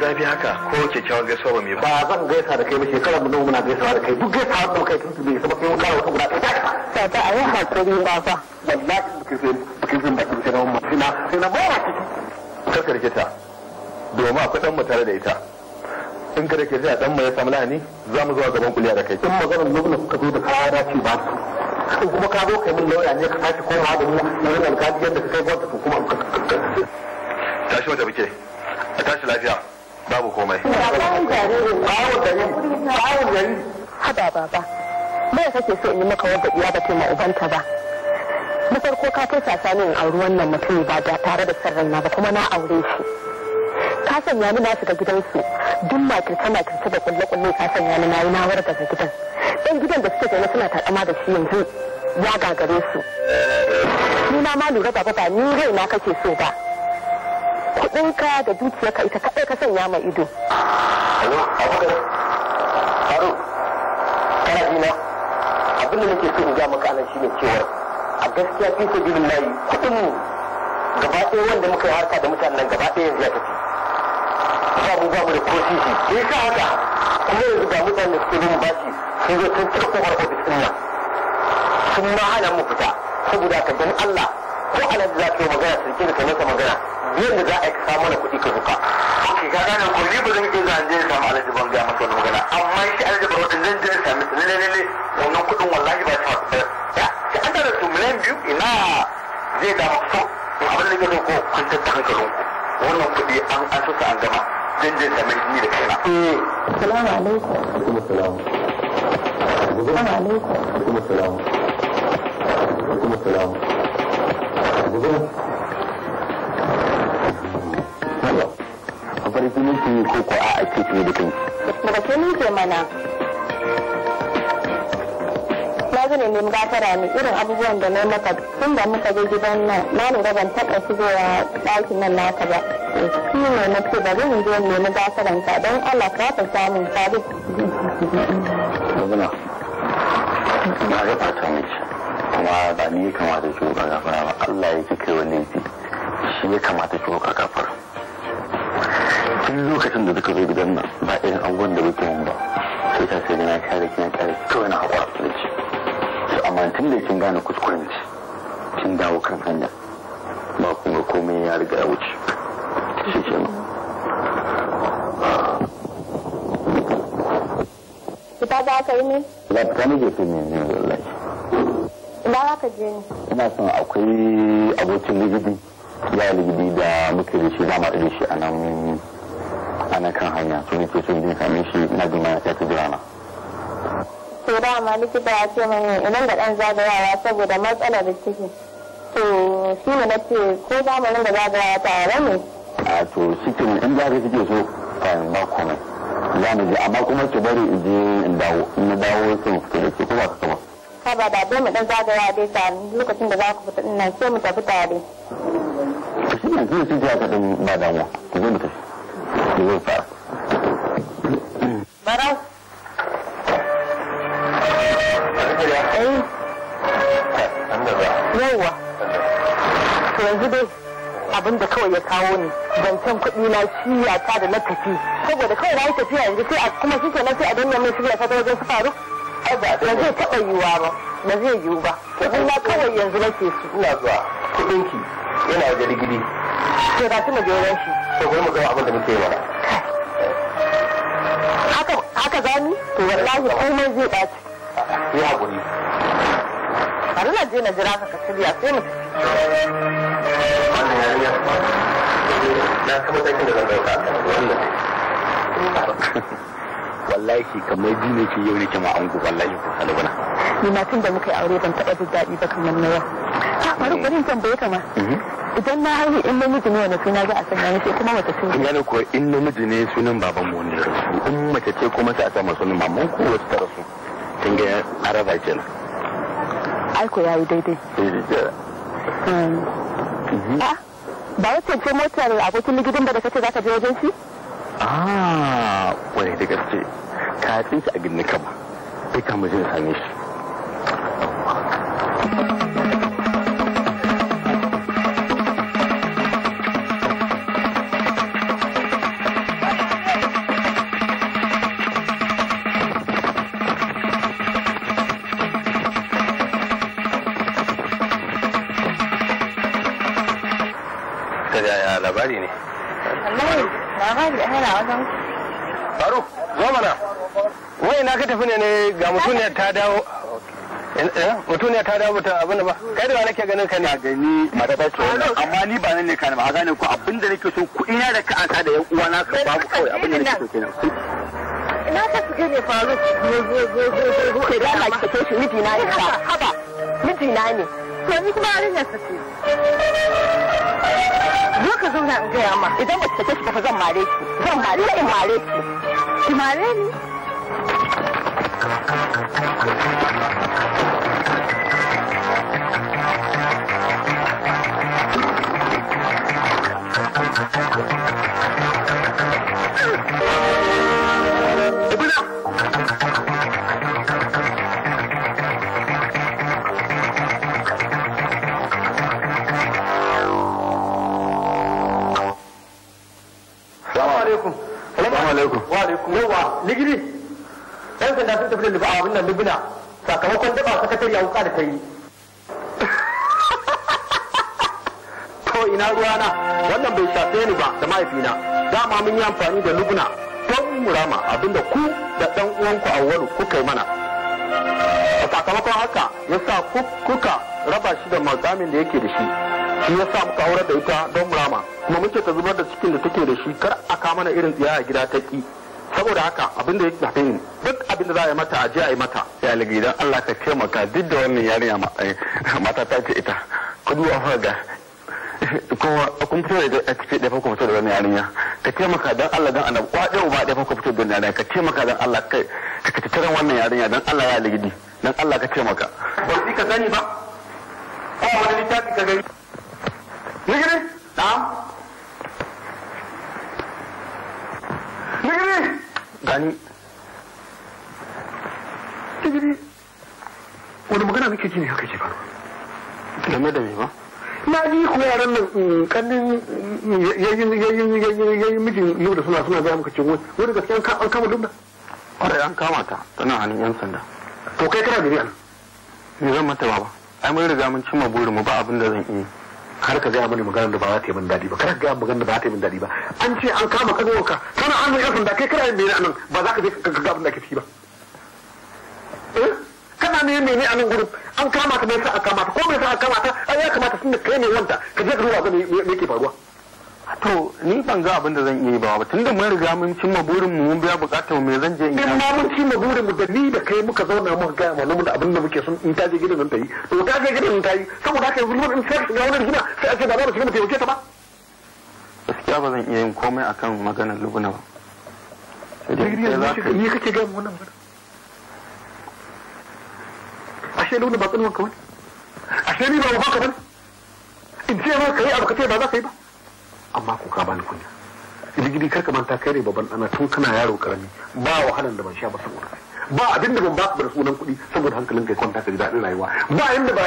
zafi haka ko kyakkyawan gaisuwa ba mai ba zan gaisa da kai ba shekara mu muna gaisawa da kai duk gaisa da kai tun bai saba kai mun wata guda ɗaya ta ta a yi hakuri ba fa wallahi bikin bikin bakin na mun sai na sai na ba ka ta domin akwai dan mu tare da ita in ka rake zai dan mu ya samu lahani za mu zuwa gaban kuliya da kai in maganar nuna ka zo da kaya dace ba su in kuma ka zo kai min lauya ne ka tashi komawa da mu na rin alkali yadda ka kai gwamnati kuma tashi wata bike a tashi lafiya babu komai kawun jariri kawun jariri haba baba me kake so in yi maka wadda iya ba ma ubanta ba na farko ka kai sasa ne in auri wannan mutum ba da tare da sarran na ba kuma na aure shi ka sanya ni na shiga gidansu duk makirce makirce da kulle kulle ka sanya ni na yi na gidan dan gidan da suke zaune suna takama da shi yanzu ya gagare su ni na ma lura baba ba ni rai na kake so ba kuɗinka da dukiyarka ita kaɗai ka sanya mai ido. Hello, Abubakar, Faru, kana jina? Abin da nake so in ga maka anan shine cewar a gaskiya fi sabilin layi kuɗin mu gaba ɗaya wanda muka yi harka da mutanen nan, gaba ɗaya yanzu ya tafi. Ba mu ba mu da kosisi, me yasa haka? Kuma yanzu ga mutanen da suke bin bashi sun zo sun cika kofar ofis ɗin nan. Sun ma hana mu fita saboda ka don Allah ko alhaji za ka yi magana sarki da ka masa magana yadda za a yi samu na kuɗi ka zuka ok ka gane ko ni ba zan iya zan je samu alaji ban gaya masa wani magana amma shi alaji ba wani zan je sami su lalle lalle wannan kuɗin wallahi ba ta ba ya shi an tara su miliyan biyu ina zai da so in abin da ke ko kun kwantar hankalin ku. wannan kuɗi an an so an gama zan je samu ni da kaina. Salamu alaikum. Salamu alaikum. Salamu alaikum. Salamu alaikum. a farki nake ko ko a ake fiye da kai daga ke nake mana na zo ne fara ne irin abubuwan da na maka tun da muka je gidan nan na lura ban taɓa shigowa ɗakin nan naka ba shi ne na ce bari in zo nemi gafaran ka don Allah ka ta samun sabis. Magana, na gafa ta mace kuma ba ni ya kamata ki ga gafara ba Allah ya kai wani laifi shi ya kamata ki roƙa gafara. duk lokacin da suka zo gidan nan ba irin abubuwan da muke yin ba sai ta sai na kare kina kare kawai na haƙura da ci to amma tun da kin gane kuskuren ci kin dawo kan hanya ba kuma komai ya riga ya wuce shi ke nan fita za ka yi ne? Za ta nige ta ne ne wallahi. Ina za ka je ne? Ina son akwai abokin ligidi ya ligidi da muke da shi dama da shi a nan na kan hanya su ne ke jin in same shi na bi ya fi jira na. to ma likita ya ce mani idan da ɗan zagayawa saboda matsalar da ciki to shi ne na ce ko za mu rinda zagayawa tare ne. a to shi ke in za ka kike so kan ba kuma za mu je amma kuma ki bari in je in dawo in na dawo sun mu fita da ke ko ba ka kama. ka ba da mu ɗan zagaya dai ta lokacin da za ku fita ɗin nan sai mu tafi tare. shi ne zai su ji haka ɗin ba damuwa ku zo mu tafi. ke eh? yanzu dai abin da kawai ya kawo ni zancen kuɗi na ta da na tafi saboda kawai na yi tafiya yanzu sai a kuma shi kenan sai a danna mai shiya ta wajen su faru ba zai taɓa yiwu ba kuɗi na kawai yanzu nake su ina zuwa kuɗinki yana da rigidi su shi ko bari mu ga abin da muke yi mana haka haka gani to wallahi komai zai baci ya hakuri bari na je na jira ka ka shirya sai mu na kama takin da zan dauka wannan wallahi kamar biyu ne ke yau ne ke ma gobe wallahi ko salwana ni ma tun da muka yi aure ban taɓa jin daɗi ba kamar na yau ha bari mm. bari in tambaye ka ma mm-hmm. idan na haihu in namiji ne wani suna za a sanya ni sai kuma mace ce in gane ko in namiji ne sunan baban mu ne rasu in mace ce kuma sai a sa sunan mun ko wasu ta rasu kin ga araba kenan ai ko yayi daidai eh, a hmm. mm-hmm. ah, ba wacce ce motar abokin ligidin ba da kace za ka je wajen shi Wani ah, kwarai da gaske kafin shi a gini kama sai kama jin same shi labari ne Baba da hana wajen. Faruk, zo mana. Wai na ka tafi ne ne ga mutuniyar ta dawo. Mutuniyar ta dawo ta abin ba. Kai da nake ganin ka ne. Ka gani matata ce wannan amma ni ba nan ne ka ba gane ko abin da nake so kuɗi na da ka ansa da yan uwa na ka ku kawai abin da nake so kenan. Na ta su gane faru. Ke da Allah ki kai shi miji na ne. Haba. Miji na ne. To ni kuma yarinyar su ce. zo ka zauna in gaya ma idan ba ki tafi tafi zan mare ki zan mare in mare ki ki mare ni Thank you. yawa ligiri yan sanda sun tafi da liba abin nan libina sakamakon daba sakatari a wuka da ta yi to ina na wannan bai shafe ni ba da mahaifina dama mun yi amfani da lubna don murama abinda ku da dan uwanku awwalu kuka yi mana a sakamakon haka sa kuka raba shi da mazamin da yake da shi shi yasa muka aurar da ita don murama kuma muke ta zubar da cikin da take da shi kar a mana irin tsiya a gida ta ki saboda haka abin da yake shafe duk abin da za a yi mata aji a yi mata ya lagi idan Allah ka taimaka duk da wannan yarinya eh, mata ta ce ita ku duwa fa ga kowa kun fito da a cikin da farko fito da wannan yarinya ka taimaka dan Allah dan annabi kwa da ba da farko fito da wannan yarinya ka taimaka dan Allah kai ka tattaran wannan yarinya dan Allah ya lagi dan Allah ka taimaka ba shi ka sani ba ko wani littafi ka gani Nigiri? Na'am. Nigiri? gani digiri wani magana muke ji ne haka ke faru game da me ba na ji ku yaran nan mm, kannin yayin yayin yayin yayin mijin yau da suna suna ga muka ce wani gaskiya an kama dubna kwarai an kama ta tana hannun yan sanda to kai kana gari an me zan mata ba ai mun riga mun cimma burin mu ba abin da zan iya har ka gaya mani maganar da ba za ta yi min daɗi ba kar ka gaya maganar da ba za ta yi min daɗi ba an ce an kama kanuwar ka kana an yan da kai kana yin mene anan ba za ka je ka gaba abin da ke ciki ba eh? kana ne mene anan gurin an kama ta me yasa an kama ta ko me yasa an kama ta ai ya kamata da kai ne wanta ka je ka duba ga me ke faruwa to ni ban ga abin da zan iya ba tun tunda mun riga mun cimma burin mu mun biya bukatar me zan je in ma mun cimma burin mu da ni da kai muka zauna muka ga malamin da abin da muke son in ta je gidan nan ta yi to ta je gidan nan ta yi saboda haka yanzu mun sai ga wani rigima sai a ce ba za mu shiga mu taimake ta ba gaskiya ba zan iya yin komai akan maganar lubuna ba ni kake ga mun nan ashe lubuna ba tsanuwan kawai ashe ni ba mu ba in ce ma kai abu kace ce ba za ka yi ba amma ko ka bani kunya rigidi kar ka manta kai ne babban ana tun kana yaro karami ba wahalan da ban sha ba saboda ba abin da ban ba da sunan kuɗi saboda hankalin kai kwanta ka ji daɗin rayuwa ba inda ba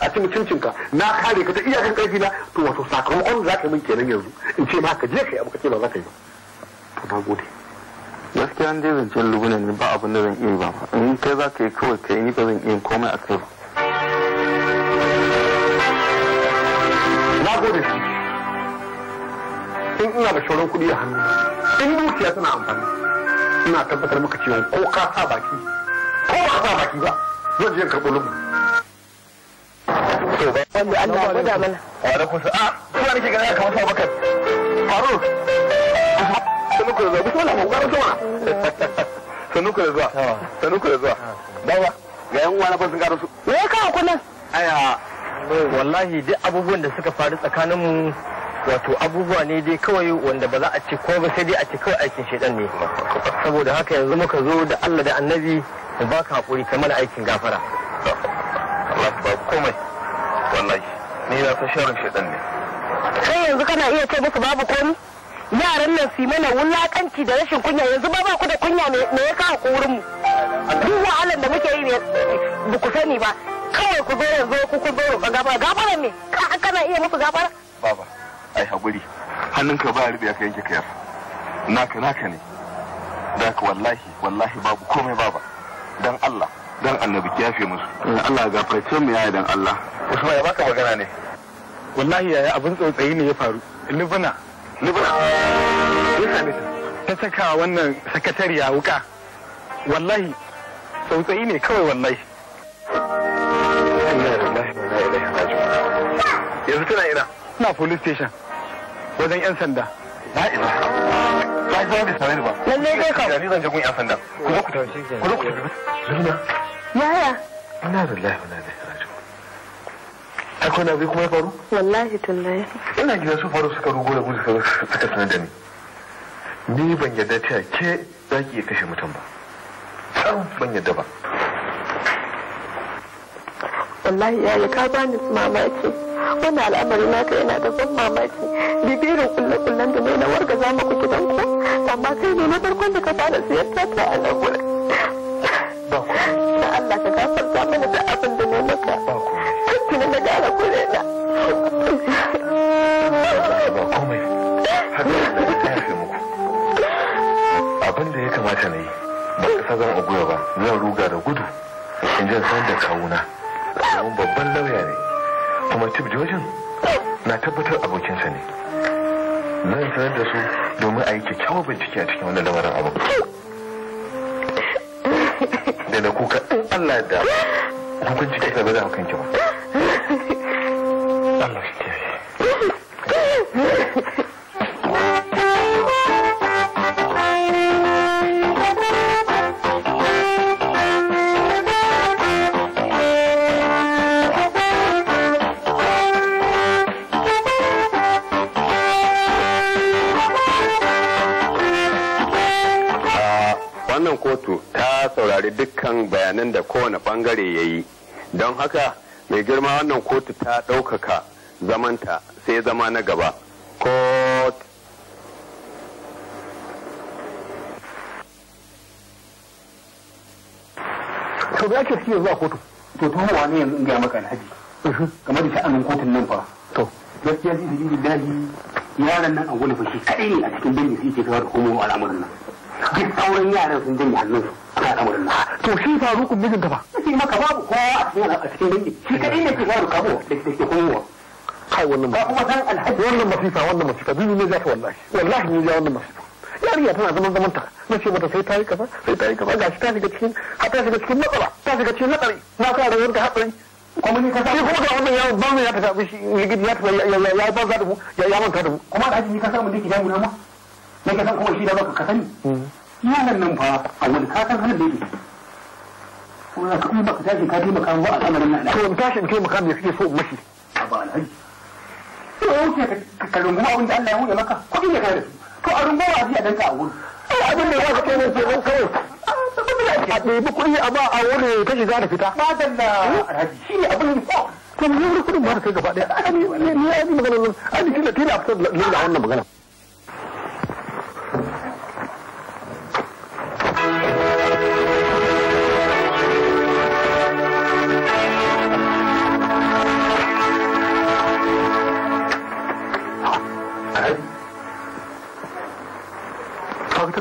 a ci mutuncin ka na kare ka ta iyakan ƙarfi na to wato sakamakon za ka yi min kenan yanzu in ce ma ka je ka yi abu kace ba za ka yi ba to na gode gaskiya an je zancen luguna ba abin da zan iya ba in kai za ka yi kawai kai ni ba zan iya komai a kai ba ina da shauran kuɗi a hannu in dukiya tana amfani ina tabbatar maka cewa ko ka sa baki ko ba sa baki ba zan je karɓo lumu wanda Allah ya gwada mana a da kusa a kuma nake ganin kamar sa bakar faru sanu ku da zuwa bismillah ku gano sama sanu ku da zuwa sanu ku da zuwa dawa ga yan uwa na sun gano su me ya kawo kunan aya wallahi duk abubuwan da suka faru tsakaninmu wato abubuwa ne dai kawai wanda ba za a ce ko ba sai dai a ce kawai aikin shaidan ne saboda haka yanzu muka zo da Allah da annabi mu baka hakuri ka mana aikin gafara Allah ba komai wallahi ni na san sharrin shaidan ne kai yanzu kana iya ce musu babu komi yaran nan su mana wulakanci da rashin kunya yanzu ba ba ku da kunya me ya kawo ku wurin mu duk wahalar da muke yi ne ba ku sani ba kawai ku zo yanzu ku ku zo gafara gafara ne kana iya musu gafara baba ai haƙuri hannunka ba ribe aka yanke kayar naka naka ne da ka wallahi wallahi babu komai baba dan Allah dan annabi ki yafe musu eh, Allah ya gafarce mu yaya dan Allah Usman ya baka magana ne wallahi yaya abin tsautsayi ne ya faru libuna libuna ta saka wannan sakatariya wuka wallahi tsautsayi ne kawai wallahi yanzu tana ina na police station wajen yan sanda ba ina ba ba da sanar ba lallai kai ka ni zan je gun yan sanda ku zo ku tafi ku zo ku tafi luna yaya ina billahi ina da rajo akwai na zai kuma ya faru wallahi tallahi ina gida su faru suka rugo da gudu suka sanar da ni ni ban yarda cewa ke za ki iya kashe mutum ba sam ban yadda ba wallahi ya ka bani mamaki wannan al'amari naka yana da ban mamaki bibirin kulle-kullen da ne na warga za mu ku don ku amma kai ne na farkon da ka fara siyar ta a nan wurin na Allah ka ta mana da abin da ne maka tuni na gara kure na ba komai haka ya muku abin da ya kamata na yi ba kasa zan a ba zan ruga da gudu in jan san da kawuna kuma babban lauya ne kuma tip jojin na tabbatar abokinsa ne zan sanar da su domin a yi kyakkyawa bincike a cikin wani lamarin abu da na kuka in allah da hukunci kika ba za a kanki ba allah shi ke akan bayanan da kowane bangare ya yi don haka mai girma wannan kotu ta ɗaukaka zamanta sai zama na gaba court to da ake fiye zuwa kotu to tuhumawa ne yanzu in gaya maka alhaji mhm. kamar da sha'anin kotun nan fa to gaskiya ji da yaran nan a wani fashe kaɗai ne a cikin birni su ke kawar da komowa al'amuran nan duk auren yaran sun janye hannun su akan al'amarin nan to shi faruku mijin ka ba shi maka babu kowa a cikin dangi shi kadai ne ke faru kabo da ke kowa kai wannan ba kuma san alhaji wannan masifa wannan masifa bibi ne zaka wallahi wallahi ne ja wannan masifa yariya tana zaman zaman ta na ce mata sai ta yi kaza sai ta yi kaza gashi ta shiga cikin har ta shiga cikin matsala ta shiga cikin na ka rayuwar ta hatsari kuma ni kasa kuma ga wannan yawon ban ya tafi shi ya ya ya banza da mu ya da mu na ma sai ka san kuma shi da baka ka sani yaran nan fa a wani ka san halin da kuma ka kuma baka tashi ka taimaka wa al'amarin nan to tashin taimaka me kake so mashi a ba alhaji to wuce ka runguma abin da Allah ya wuce maka kuɗi ne kai da su to a runguma a jiya a wuri abin da ya ka kai ne ke ban kawai a ɗebi kuɗi a ba a wuri ta shiga da fita. Madan na shi ne abin ko. Kuma yau da kuɗin ba ta kai gaba ɗaya. Ni ya yi maganar nan, an jikin da tina a fitar da wannan magana.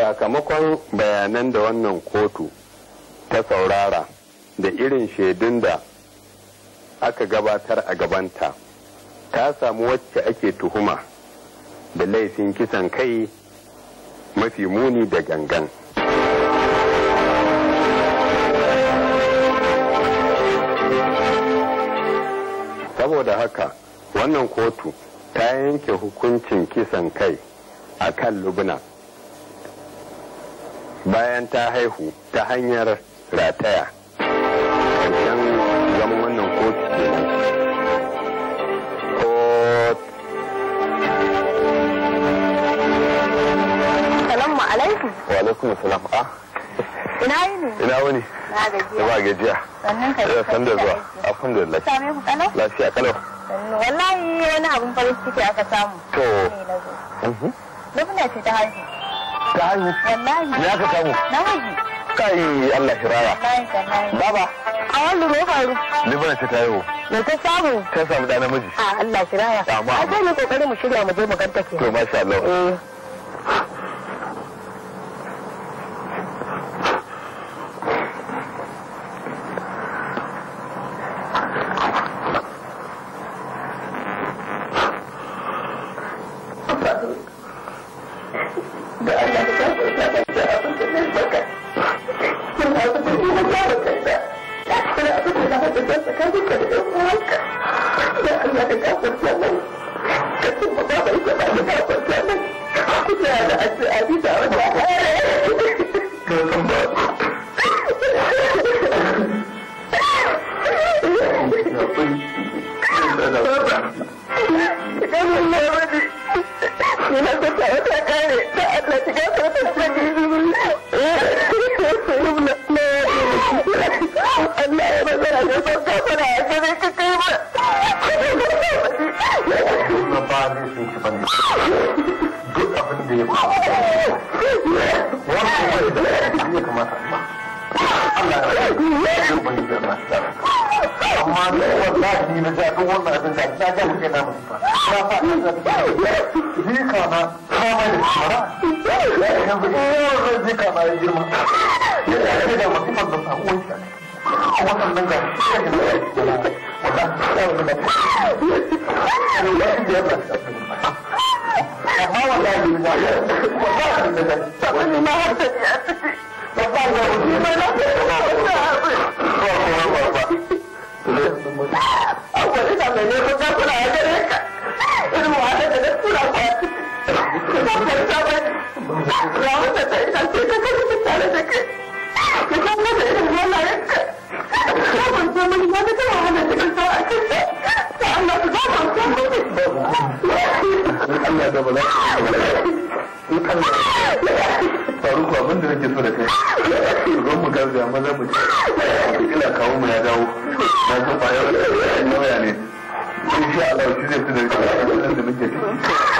sakamakon bayanan da wannan kotu ta saurara da irin shaidun da aka gabatar a gabanta ta samu wacce ake tuhuma da laifin kisan kai mafi muni da gangan saboda haka wannan kotu ta yanke hukuncin kisan kai a kan lubna bayan ta haihu ta hanyar rataya ƙarshen zaman wannan kotu kenan salamu alaikum wa alaikum salam a ah. ina yi ne ina wani na gajiya ba gajiya sannan ka yi san da zuwa alhamdulillah same ku kalau lafiya kalau wallahi wani abun farin ciki aka samu to lubna mhm. ce ta haihu ka haihu wallahi ya ka samu namiji kai Allah shirara baba a wani me faru libana ta tayo me ta samu ta samu da namiji a Allah shirara a sai mu kokari mu shirya mu je mu ganta ke to masha Allah eh.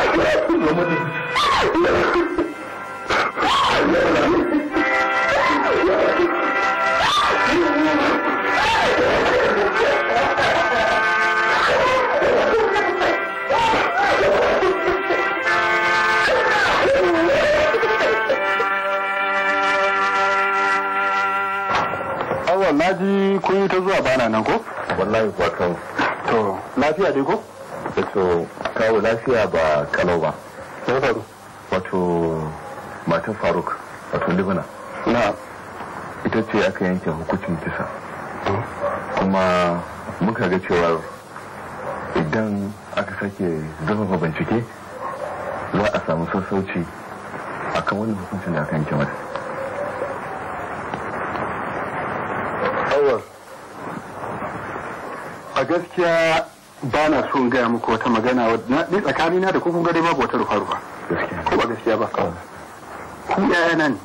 awal na ji kun yi ta zuwa bana nan ko wallahi kuwa kan to lafiya dai ko to kawo lafiya ba kalau ba wato matan faruk wato libana na ita ce aka yanke hukuncin kisa kuma muka ga cewa idan aka sake zurfafa bincike za a samu sassauci akan wani hukuncin da aka yanke mata a gaskiya ba na so gaya muku wata magana ni tsakanina da kun gare babu wata rufa rufa ko ba gaskiya ba ku yaya nan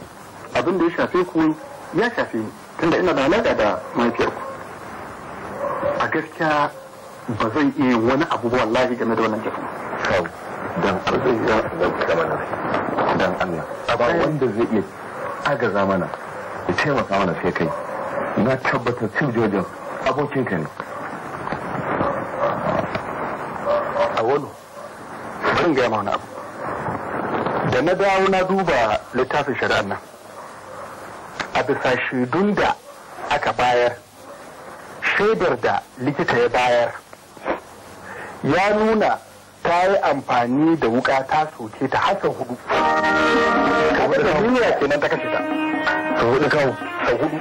abin da ya shafe ku ya shafe tunda ina da alaƙa da ku a gaskiya ba zan iya wani abu ba wallahi game da wannan jafi dan arziki da kuma mana dan Allah ba wanda zai iya agaza mana ya taimaka mana sai kai na tabbatar cin jojin abokinka ne wani bari gaya ma abu da na dawo na duba littafin shari'ar nan a bisa shaidun da aka bayar shaidar da likita ya bayar ya nuna ta yi amfani da wuka ta soke ta hasan hudu kamar da duniya nan ta kashe ta sau hudu kawo sau hudu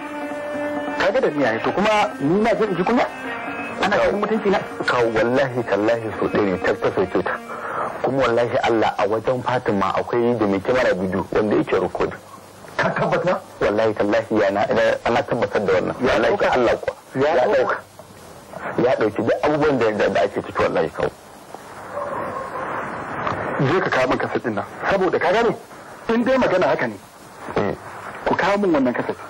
kaga da niyya to kuma ni na je in ji kuma ana cikin mutunci na ka wallahi kallahi so ɗaya ne ta sauke ta kuma wallahi Allah a wajen Fatima akwai da mai kyamara bidiyo wanda yake record ka tabbata wallahi kallahi ya na ana tabbatar da wannan Ya dauka Allah ko ya dauka ya dauki duk abubuwan da da ake ciki wallahi kawo je ka kawo min kasar din nan saboda ka gane in dai magana haka ne eh. ku kawo min wannan kasafi.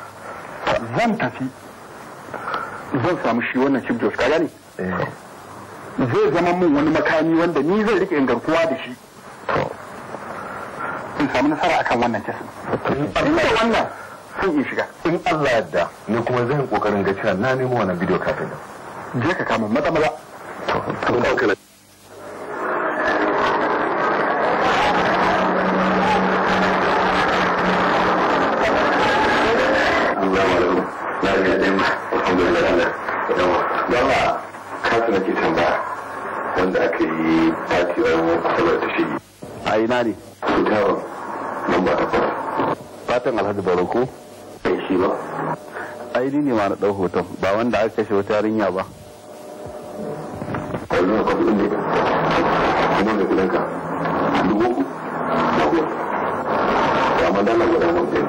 zan tafi zan samu shi wannan chief judge ka gane eh. zai zama mun wani makami wanda ni zai rike in garkuwa da shi in samu nasara akan wannan kesin da wannan sun yi shiga in Allah yadda ne kuma zan yi kokarin ga cewa na nemo wannan bidiyo kafin je ka kama maza maza Thank yawa kasu na kitan ba wanda aka yi fatiyar kwalar ta shige a ina ne hotel lamba fara. fatan alhaji baroko kai eh, shi ba ai ni ne ma na ɗau hoton ba wanda aka kashe wata yarinya ba wannan kwafi ne kuma da kudanka dubu uku da kuma dama guda nan ɗaya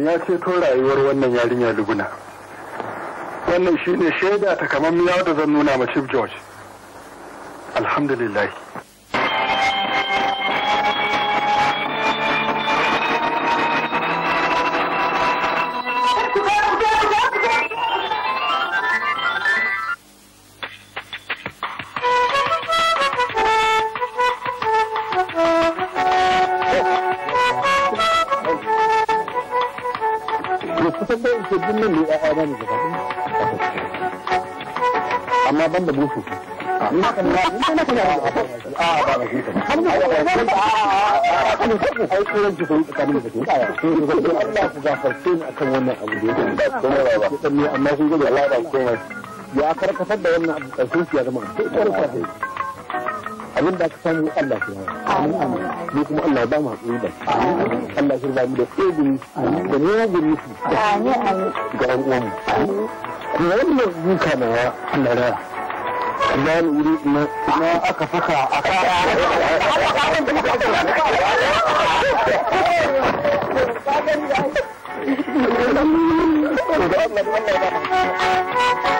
wannan ya ceto rayuwar wannan yarinya luguna wannan shine shaida ta kamar miyawa da zan nuna ma chief george alhamdulillah da wannan abu aka samu Allah shi ne kuma Allah ba mu hakuri da na Allah za mu wuri na aka saka a kaya